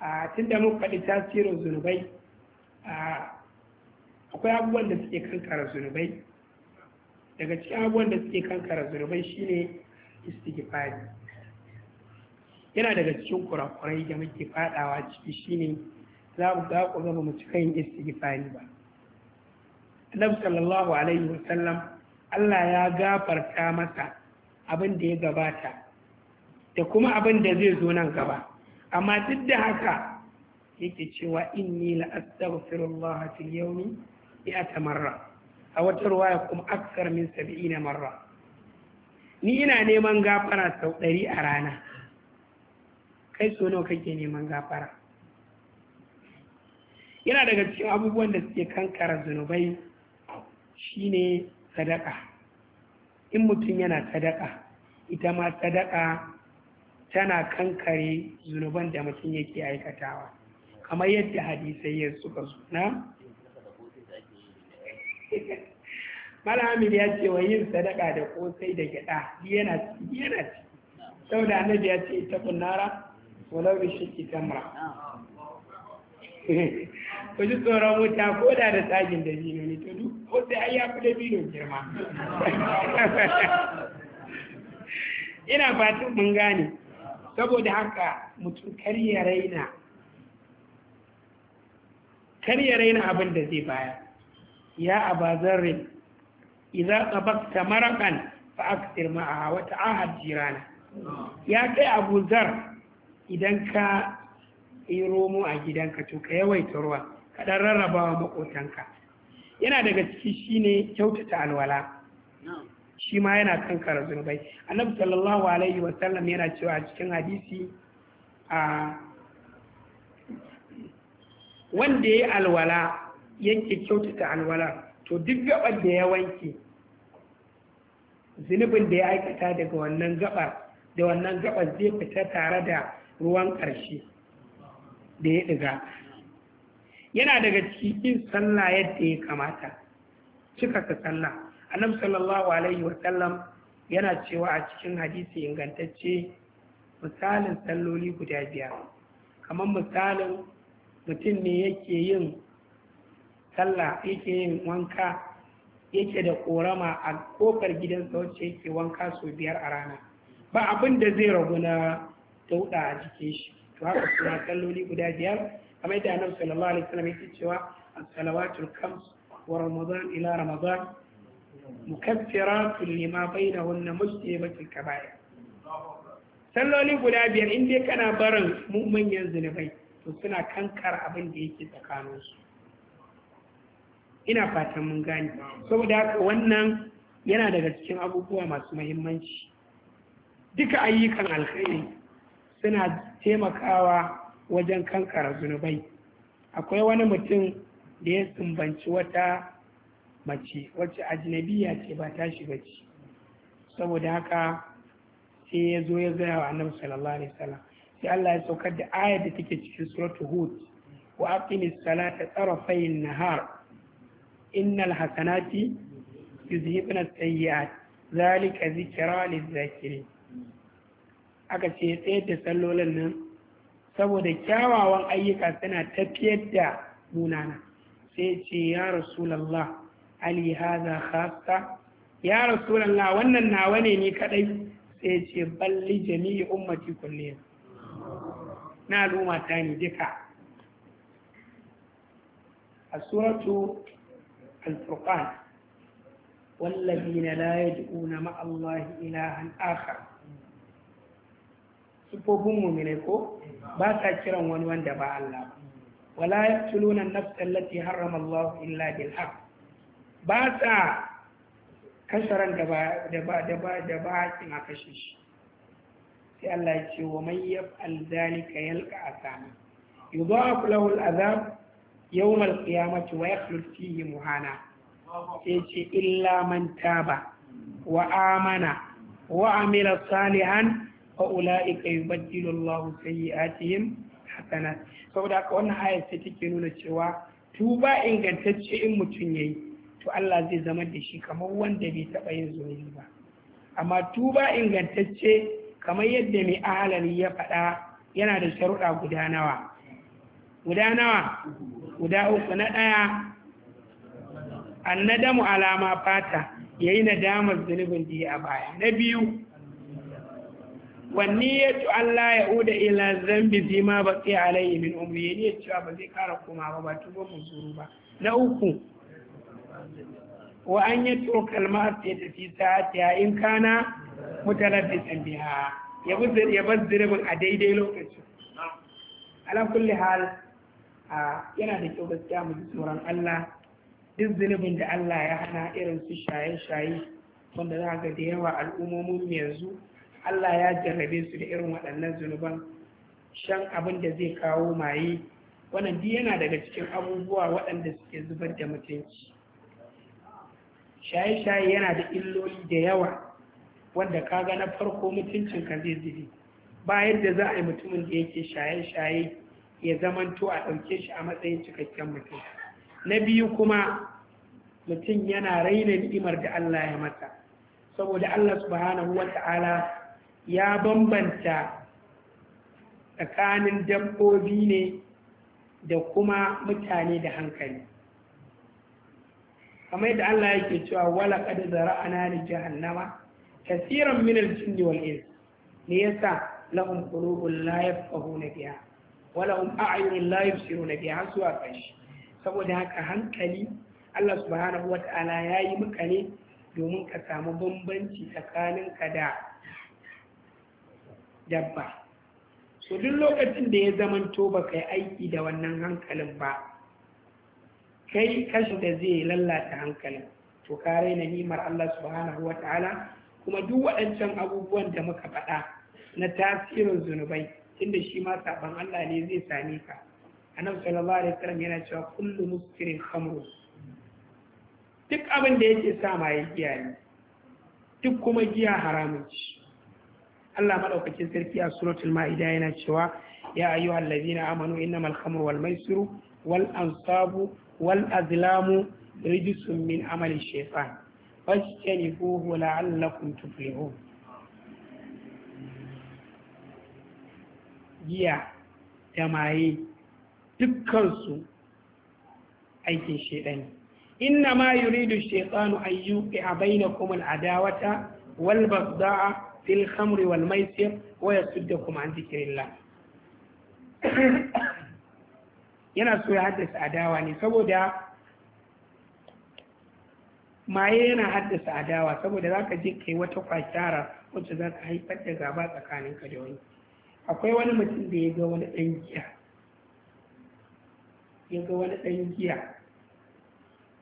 a tunda mun faɗi tasirin zunubai akwai abubuwan da suke kankara zunubai daga cikin abubuwan da suke kankara zunubai shine istighfari yana daga cikin kurakurai da muke fadawa ciki shine za mu ga ku zama mu cika yin istighfari ba Annabi sallallahu alaihi wasallam Allah ya gafarta masa abin da ya gabata da kuma abin da zai zo nan gaba amma duk da haka yake cewa inni la astaghfirullah fil yawmi ya tamarra a wata ruwaya kuma aksar min 70 marra ni ina neman gafara sau ɗari a rana kai so nawa kake neman gafara yana daga cikin abubuwan da suke kankara zunubai shine sadaka in mutum yana sadaka ita ma sadaka tana kankare zunuban da mutum yake aikatawa kamar yadda hadisai suka suna malamid ya ce wa yin sadaka da kosai da gyada yana ciki yana ciki saboda annabi ya ce ta kunnara walau shi ki tamra ku ji tsoron wuta ko da da tsagin da bino ne to duk ko sai ai ya da bino girma ina fatan mun gane saboda haka mutum kar ya raina kar raina abin da zai baya ya abazarrin idza qabakta maraqan fa aktir ma'aha wa ta'ahad jirana ya kai Abu Zar idan ka yi romo a gidanka to ka yawaita ruwa ka dan wa makotanka yana daga ciki shine kyautata alwala shi ma yana kan kara zunubai annabi sallallahu alaihi wasallam yana cewa a cikin hadisi a wanda ya alwala yanke kyautata alwala to duk gaban da ya wanke zunubin da ya aikata daga wannan gaba da wannan gabas zai fita tare da ruwan ƙarshe da ya ɗiga yana daga cikin sallah yadda ya kamata cika ka sallah annabi sallallahu alaihi sallam yana cewa a cikin hadisi ingantacce misalin salloli guda biyar kamar misalin mutum ne yake yin sallah yake yin wanka yake da korama a kofar gidansa wacce yake wanka sau biyar a rana ba abin da zai ragu na dauda a jikin shi to haka suna kalloli guda biyar kamar yadda annabi sallallahu alaihi wasallam yake cewa as-salawatul khams wa ramadan ila ramadan mukaffiratun lima bainahunna mujtanibatul kaba'ir salloli guda biyar in dai kana barin ne bai. to suna kankar abin da yake tsakaninsu ina fatan mun gane saboda haka wannan yana daga cikin abubuwa masu mahimmanci duka ayyukan alkhairi suna taimakawa wajen kankara zunubai akwai wani mutum da ya sumbanci wata mace wacce ajinabiya ce ba ta shiga ci saboda haka sai ya zo ya zaya wa annabi sallallahu alaihi wasallam sai Allah ya saukar da ayar da take cikin suratu hud wa aqimis salata tarafayn nahar innal hasanati yuzhibna sayyi'at zalika zikra lizakirin aka ce tsayar da sallolin nan saboda kyawawan ayyuka suna tafiyar da munana sai ce ya rasulallah ali haza khassa ya rasulallah wannan nawa ne ni kadai sai ce balli jami'i ummati kulliyar na al'umma ta ni duka a suratu الفرقان والذين لا يدعون مع الله إلها آخر sufofin mummune ko ba sa kiran wani wanda ba Allah ba wala yaqtuluna an-nafs allati harrama Allah illa bil haqq ba sa kasharan da ba da ba da ba da ba kin aka shi sai Allah ya ce wa yawmar qiyamati wa yakhlud fihi muhana sai ce illa man taba wa amana wa amila salihan fa ulaika yubaddilu Allahu sayyi'atihim hasana saboda haka wannan ayar sai take nuna cewa tuba ingantacce in mutum yayi to Allah zai zama da shi kamar wanda bai taɓa yin zunubi ba amma tuba ingantacce kamar yadda mai ahalari ya faɗa yana da sharuɗa guda nawa guda nawa guda uku na ɗaya An nadamu alama fata ya yi nadamar zunubin da a baya na biyu wanne ya ci Allah ya uda ila zambi fi ma ba tsaye layi min umri ya ne cewa ba zai kara koma ba ba tuba zuru ba na uku wa an yi to kalma sai da fi sa'ati ya in kana mutalabbisan biha ya bar zirbin a daidai lokacin ala kulli hal a yana da kyau gaskiya mu ji tsoron Allah duk zunubin da Allah ya hana irin su shaye-shaye wanda za ga da yawa al'ummomin yanzu Allah ya jarrabe su da irin waɗannan zunuban shan abin da zai kawo maye wannan duk yana daga cikin abubuwa waɗanda suke zubar da mutunci shaye-shaye yana da illoli da yawa wanda kaga na farko mutuncinka zai zube bayan da za a yi mutumin da yake shaye-shaye ya zamanto a ɗauke shi a matsayin cikakken mutum na biyu kuma mutum yana raina ni'imar da Allah ya mata saboda Allah subhanahu wa ta'ala ya bambanta tsakanin dabbobi ne da kuma mutane da hankali kamar da Allah yake cewa wala qad zara'ana li jahannama kaseeran min al-jinni wal ins ne yasa lahum qulubun la yafqahuna biha Wala um a'yunun la yubsiruna bi har zuwa kashi. saboda haka hankali Allah subhanahu wata'ala ya yi maka ne domin ka samu bambanci tsakanin ka da dabba so duk lokacin da ya zamanto ba kai aiki da wannan hankalin ba kai kashi da zai lallata hankalin to ka raina nimar Allah subhanahu wata'ala kuma duk waɗancan abubuwan da muka faɗa na tasirin zunubai tunda shi ma saban Allah ne zai same ka annabi sallallahu alaihi wasallam yana cewa kullu muskirin khamru duk abin da yake sa ma ya giya ne duk kuma giya haramun ci Allah madaukakin sarki a suratul ma'ida yana cewa ya ayyuhal ladina amanu innamal khamru wal maisiru wal ansabu wal azlamu rijsun min amali shaytan fastanibuhu la'allakum tuflihun giya da maye dukkansu aikin shaidan inna ma yuridu shaytanu an a kuma al-adawata wal a fil khamri wal maisir wa yasuddakum an dhikrillah yana so ya haddasa adawa ne saboda maye yana haddasa adawa saboda zaka je kai wata kwakyara wacce zaka haifar da gaba tsakaninka da wani akwai wani mutum da ya ga wani ɗan giya ya ga wani ɗan giya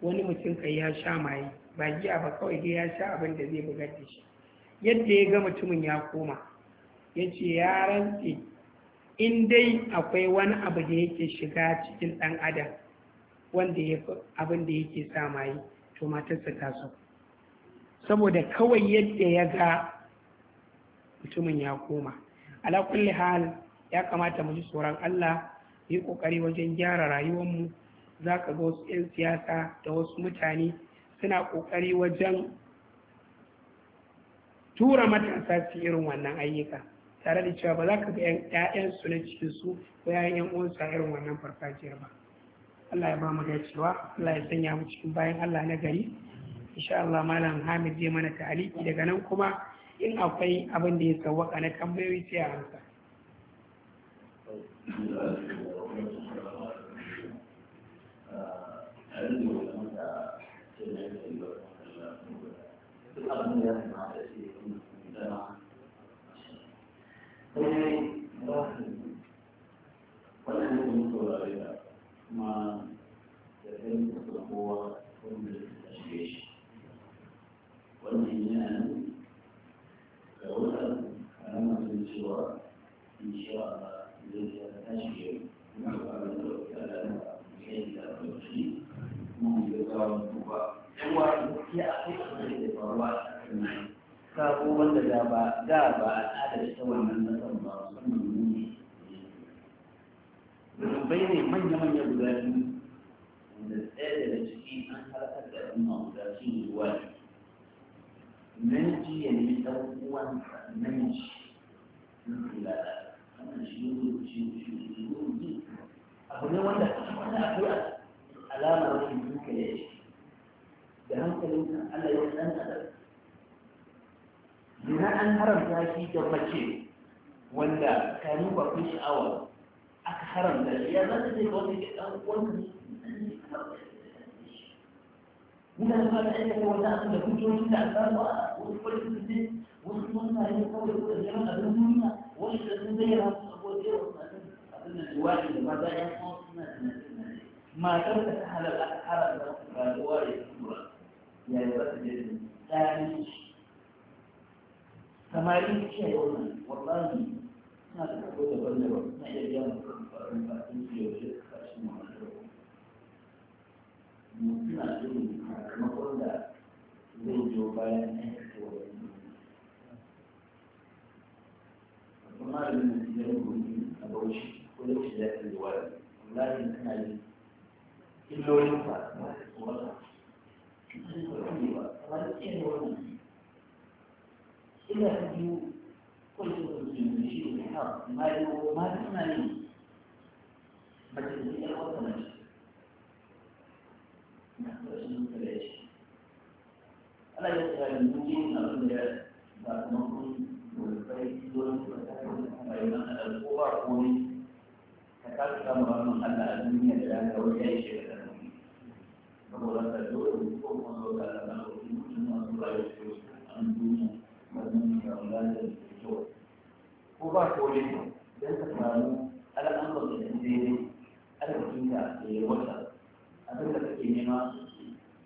wani mutum kai ya sha maye ba giya ba kawai dai ya sha abin da zai bugar da shi yadda ya ga mutumin ya koma ya ce ya rantse in dai akwai wani abu da yake shiga cikin ɗan adam wanda ya fi abin da yake sa maye to matarsa ta so saboda kawai yadda ya ga mutumin ya koma ala kulli hal ya kamata mu ji tsoron Allah yi kokari wajen gyara rayuwarmu za ka ga wasu 'yan siyasa da wasu mutane suna kokari wajen tura matasa su irin wannan ayyuka tare da cewa ba za ka ga 'ya'yansu na cikinsu ko 'ya'yan uwansu a irin wannan farfajiyar ba Allah ya ba mu dacewa Allah ya sanya mu cikin bayan Allah na gari insha Allah malam Hamid zai mana ta'aliki daga nan kuma in akwai abin da ya sauwaka na tambayoyi sai a amsa kuma da kowa wanda shi sabo wanda da ba da ba al'ada da ta wannan nasarar ba musamman mu ne zunubai ne manya-manya guda biyu wanda ɗaya daga ciki an halakar da al'umma guda shi ne ruwa ne namiji ya nemi ɗan uwansa namiji na kula da wannan shi ne shi shi shi abu ne wanda wanda akwai alama wani duka ya ce da hankalinka Allah ya ɗan adam zina an haramta shi da mace wanda kanu ba kun sha'awa aka haramta shi ya zata zai ga wani ɗan wani muna da fata aika da wata abu da hujjoji da alfarwa wasu kwalitin ne wasu wanda ne kawai ko da jiran abin duniya wasu da sun zayyana su abuwa wasu abin da jiwaɗi da maza ya kuma suna tunanin matar da ta halar aka haramta su ba da wari ya yi ba ta jirgin ɗaya ne samari ce wannan wallahi da na da da zai bayan kuma da da ko da shi da wallahi kana yi illolin ba ba. Kuma da ba, da إذا كنت كل مسلم شيء حار ما ما تسمعني بس إذا الوقت ماشي نحتاج نتلاش ألا يسأل المجين أبدا بعد ما والبيت دون وتعلم القوة قوي كتبت مرة أن الدنيا لا توجه شيئا فقولت الدور وقوم وقال له إن الله يشكر عن دونه ko ba ko ne dan ka samu alaman da ke da ne alaman da ke wata abin da kake nema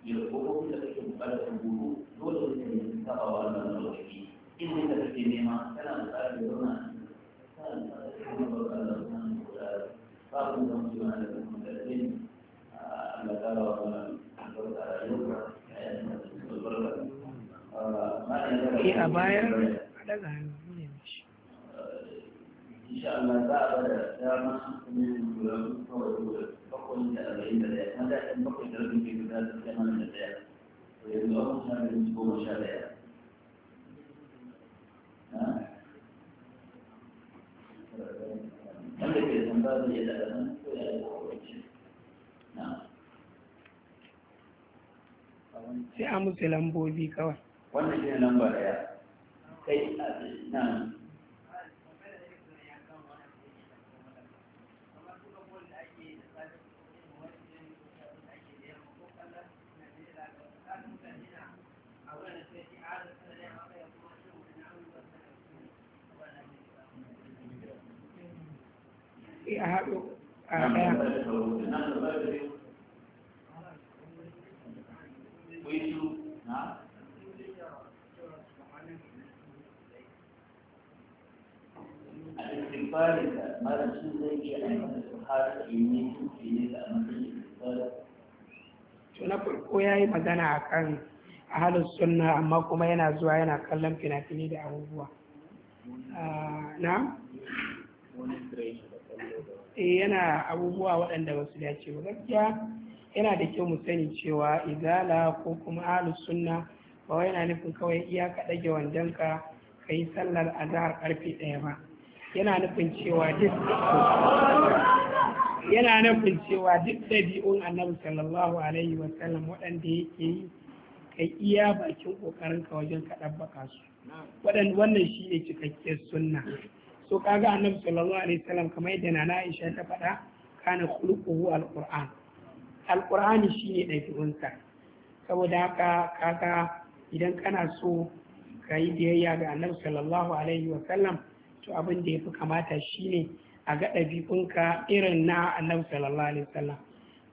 ya ko ko da kake bukata ta gudu dole ne ka ta ba wannan da wani in da kake nema yana da tsari da wannan kana da tsari da wannan da ba ku da eh a bayar a daga hannu ne mishi za a da sai a musu lambobi kawai wannan shi ne lamba daya kai a nan a haɗo na istighfarin da zai iya ne da matsayin ya yi magana a kan ahalin sunna amma kuma yana zuwa yana kallon fina-finai da abubuwa na yana abubuwa waɗanda ba su dace ba gaskiya yana da kyau mu sani cewa izala ko kuma ahalin sunna ba wai yana nufin kawai iya ka ɗage wandonka ka yi sallar azahar karfe ɗaya ba yana nufin cewa duk yana nufin cewa duk ɗabi'un annabi sallallahu alaihi wa sallam waɗanda yake yi kai iya bakin kokarin ka wajen ka dabbaka su wannan shi ne cikakken sunna so kaga annabi sallallahu alaihi wa sallam kamar yadda nana Aisha ta faɗa kana khuluquhu alquran alqurani shine ɗabi'unsa saboda haka kaga idan kana so kai biyayya ga annabi sallallahu alaihi wa sallam to abin da ya fi kamata shi ne a ga ɗabi'unka irin na annabi sallallahu alaihi wasallam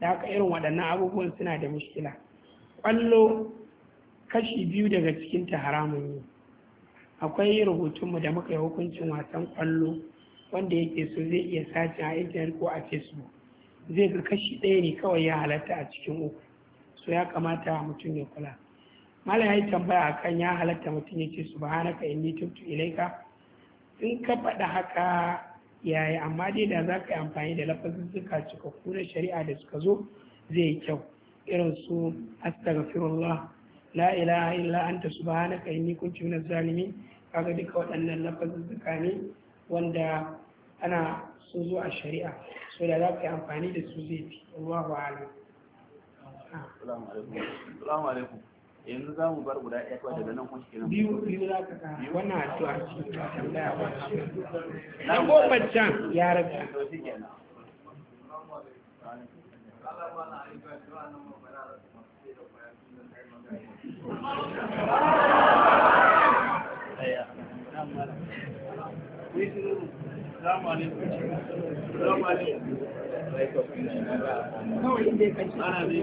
da haka irin waɗannan abubuwan suna da mushkila ƙwallo kashi biyu daga cikin ta haramun ne akwai rubutunmu da muka yi hukuncin wasan ƙwallo wanda yake so zai iya sace a intanet ko a facebook zai ga kashi ɗaya ne kawai ya halatta a cikin uku so ya kamata mutum ya kula malam ya yi tambaya akan ya halatta mutum ya ce subhanaka inni tubtu ilaika in ka faɗa haka yaya amma dai da za ka yi amfani da suka cika kuna shari'a da suka zo zai yi kyau irin su astaghfirullah la ilaha illa anta subhanaka inni kuntu minaz zalimin kaga duka waɗannan suka ne wanda ana so zo a shari'a so da za ka yi amfani da su zai fi Allahu a'lam Assalamu alaikum. yanzu za mu bar guda ɗaya daga nan kuma shi biyu biyu za ka ka wannan addu'a ce ta tambaya ba na goma can ya raga Kawai ya kashi.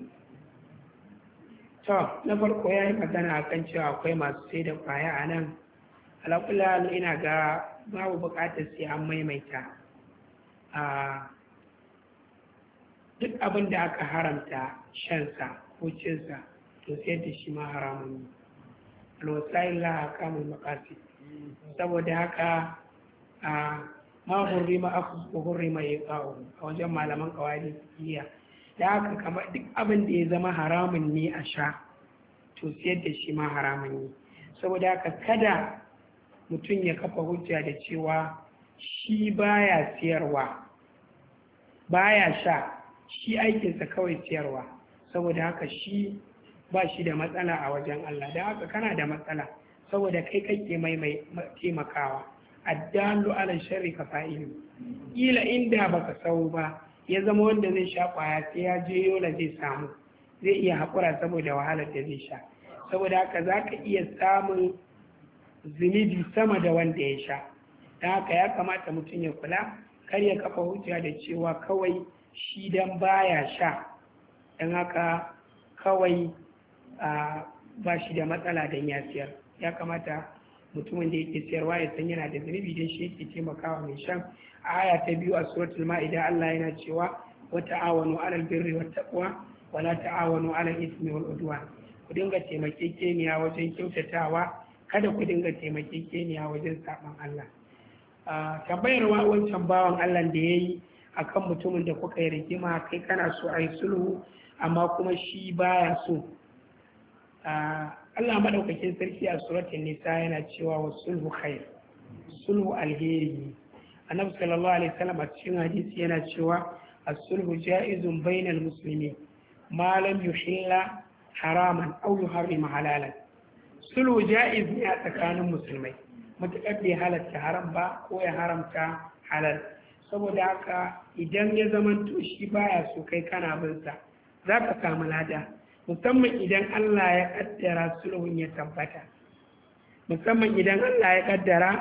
to na farko ya yi magana a kan cewa akwai masu sai da kwaya a nan alaƙula ina ga babu buƙatar sai an maimaita duk abin da aka haramta shansa ko cinsa to sai da shi ma haramun alwatsayin alwasayin laha kamun makasi saboda haka ma hurri ma aka hurri mai a wajen malaman kawai iya da haka kamar duk abin da ya zama haramun ne a sha to sayar da shi ma haramun ne saboda haka kada mutum ya kafa hujja da cewa shi baya siyarwa baya sha shi aikinsa kawai siyarwa saboda haka shi ba shi da matsala a wajen Allah da haka kana da matsala saboda kai kake mai mai taimakawa addalu ala sharri ka fa'ilu ila inda baka sau ba ya zama wanda zai sha kwaya sai ya je yola zai samu zai iya haƙura saboda wahalar da zai sha saboda haka za ka iya samun zunubi sama da wanda ya sha ta haka ya kamata mutum ya kula kar ya kafa hujja da cewa kawai shi dan baya sha don haka kawai ba shi da matsala don ya siyar ya kamata mutumin da yake siyarwa ya san yana da zunubi don shi yake taimakawa mai shan aya ta biyu a suratul ma'ida Allah yana cewa wa ta'awanu 'alal birri wat taqwa wa la ta'awanu 'alal ithmi wal udwan ku dinga taimakekeniya wajen kyautatawa kada ku dinga taimakekeniya wajen saban Allah tabbayar wa wancan bawan Allah da yayi akan mutumin da kuka yi rigima kai kana so a sulhu amma kuma shi baya so Allah madaukakin sarki a suratul nisa yana cewa wa sulhu khair sulhu alheri annabi sallallahu alaihi wasallam a cikin hadisi yana cewa as-sulhu ja'izun bainal muslimin ma lam yuhilla haraman aw yuharrima halalan sulhu ja'iz ne a tsakanin musulmai matuƙar bai halatta haram ba ko ya haramta halal saboda haka idan ya zama shi baya so kai kana bin sa za ka samu lada musamman idan Allah ya kaddara sulhun ya tabbata musamman idan Allah ya kaddara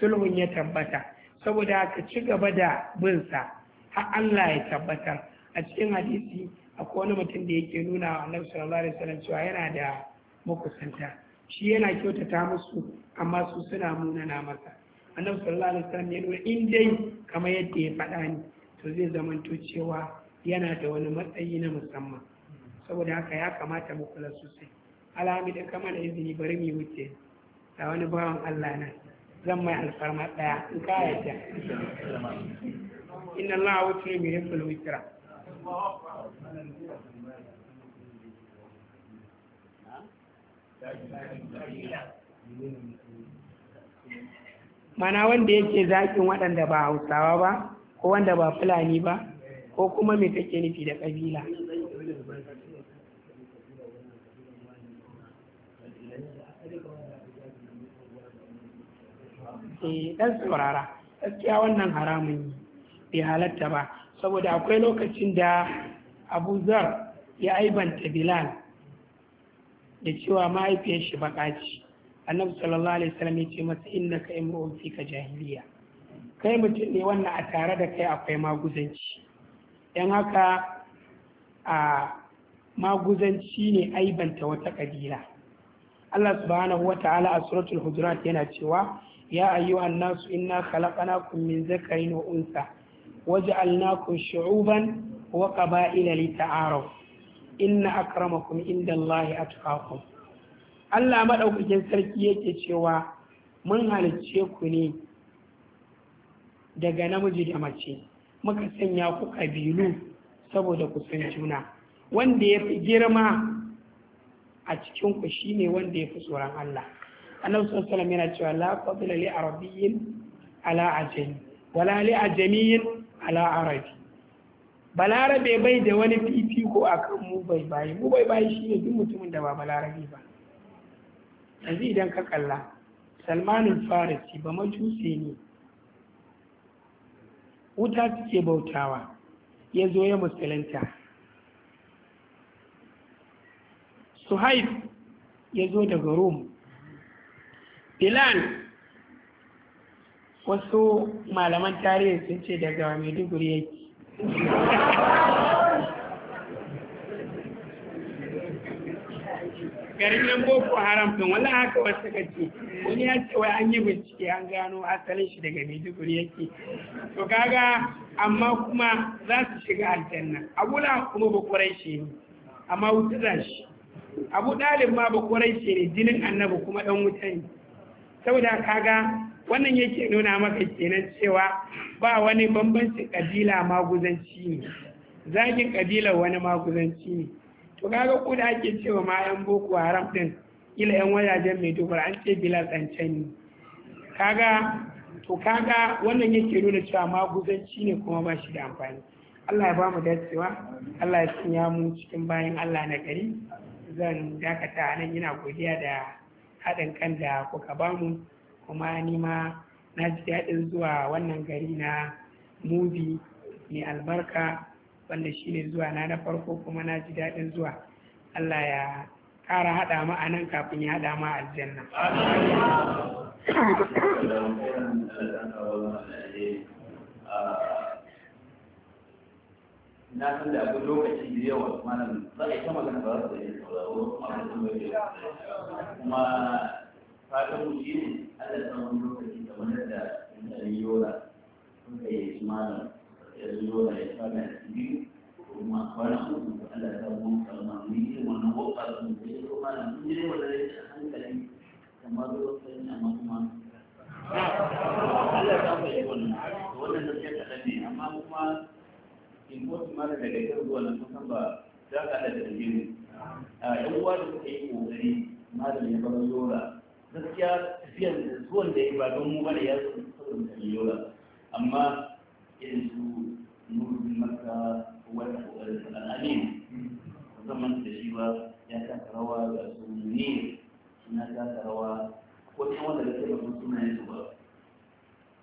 sulhun ya tabbata saboda aka ci gaba da bin sa har Allah ya tabbatar a cikin hadisi akwai wani mutum da yake nuna wa annabi sallallahu alaihi wasallam cewa yana da makusanta shi yana kyautata musu amma su suna munana masa annabi sallallahu alaihi wasallam ya nuna in dai kamar yadda ya faɗa ni to zai zamanto cewa yana da wani matsayi na musamman saboda haka ya kamata mu kula sosai alhamdulillah kamar izini bari mu wuce da wani bawan Allah na zan mai alfarma ɗaya in ka yadda inna Allah a wuce mai yankul witra mana wanda yake zaƙin waɗanda ba hausawa ba ko wanda ba fulani ba ko kuma mai take nufi da ƙabila eh dan saurara gaskiya wannan haramun bai halatta ba saboda akwai lokacin da abu zar ya aibanta bilal da cewa mahaifiyar shi bakaci annabi sallallahu alaihi wasallam ya ce masa innaka fi ka jahiliya kai mutum ne wannan a tare da kai akwai maguzanci don haka a maguzanci ne aibanta wata kabila Allah subhanahu wa ta'ala a suratul hujurat yana cewa ya ayyuhan nasu inna khalaqnakum min zakarin wa unsa waj'alnakum shu'uban wa qaba'ila lita'arafu inna akramakum indallahi atqakum Allah madaukakin sarki yake cewa mun halicce ku ne daga namiji da mace muka sanya ku kabilu saboda ku san juna wanda ya fi girma a cikin ku shine wanda ya fi tsoron Allah annabi sallallahu alaihi yana cewa la fadla li arabiyyin ala ajami wala li ajamiyyin ala arabi balarabe bai da wani fifiko akan mu bai bai mu bai bayi shine duk mutumin da ba balarabe ba yanzu idan ka kalla salmanin farisi ba majuse ne wuta suke bautawa ya zo ya musulunta suhaib ya zo daga Rome. filan wasu malaman tarihi sun ce daga maiduguri yake garin yan boko haram ɗin wala haka wasu ka ce wani ya ce wa an yi bincike an gano asalin shi daga maiduguri yake to kaga amma kuma za su shiga aljanna Abu abula kuma ba shi ne amma wuta za shi abu ɗalin ma ba shi ne jinin annabu kuma ɗan wuta ne saboda kaga wannan yake nuna maka kenan cewa ba wani bambancin kabila maguzanci ne zagin kabilar wani maguzanci ne to kaga ko da ake cewa ma yan boko haram din ila yan wajajen mai dubar an ce bila tsancan kaga to kaga wannan yake nuna cewa maguzanci ne kuma ba shi da amfani Allah ya ba mu dacewa Allah ya sanya mu cikin bayan Allah na gari zan dakata nan ina godiya da haɗin kan da kuka bamu kuma ni ma na ji daɗin zuwa wannan gari na mubi mai albarka wanda shine zuwa na na farko kuma na ji daɗin zuwa Allah ya ƙara haɗa mu a nan kafin ya haɗa mu aljanna. na san da abin lokaci da yawa malam za a yi ta magana ba da yi sauraro mai kuma fatan mu shi ne Allah san wani lokaci da wani da mutane yola sun kai su malam ya yola ya kuma kwana uku Allah kalma yi yi mun yi ya hankali kamar amma kuma Allah ta mu yi wannan wannan da amma kuma in ko mara daga kan zuwa nan kusan ba za ka da dalili a yan uwa da suka yi kokari malam ya bar yola gaskiya tafiyan zuwan da ya ba don mu bane ya zo saboda yola amma irin su nurdin maka wata kokarin al'amin zaman da shi ba ya taka rawa ga su ne suna taka rawa ko kuma wanda da kai ba suna yin su ba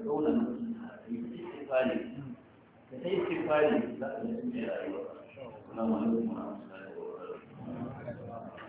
ka zauna na istifari ka ta istifari za ka yi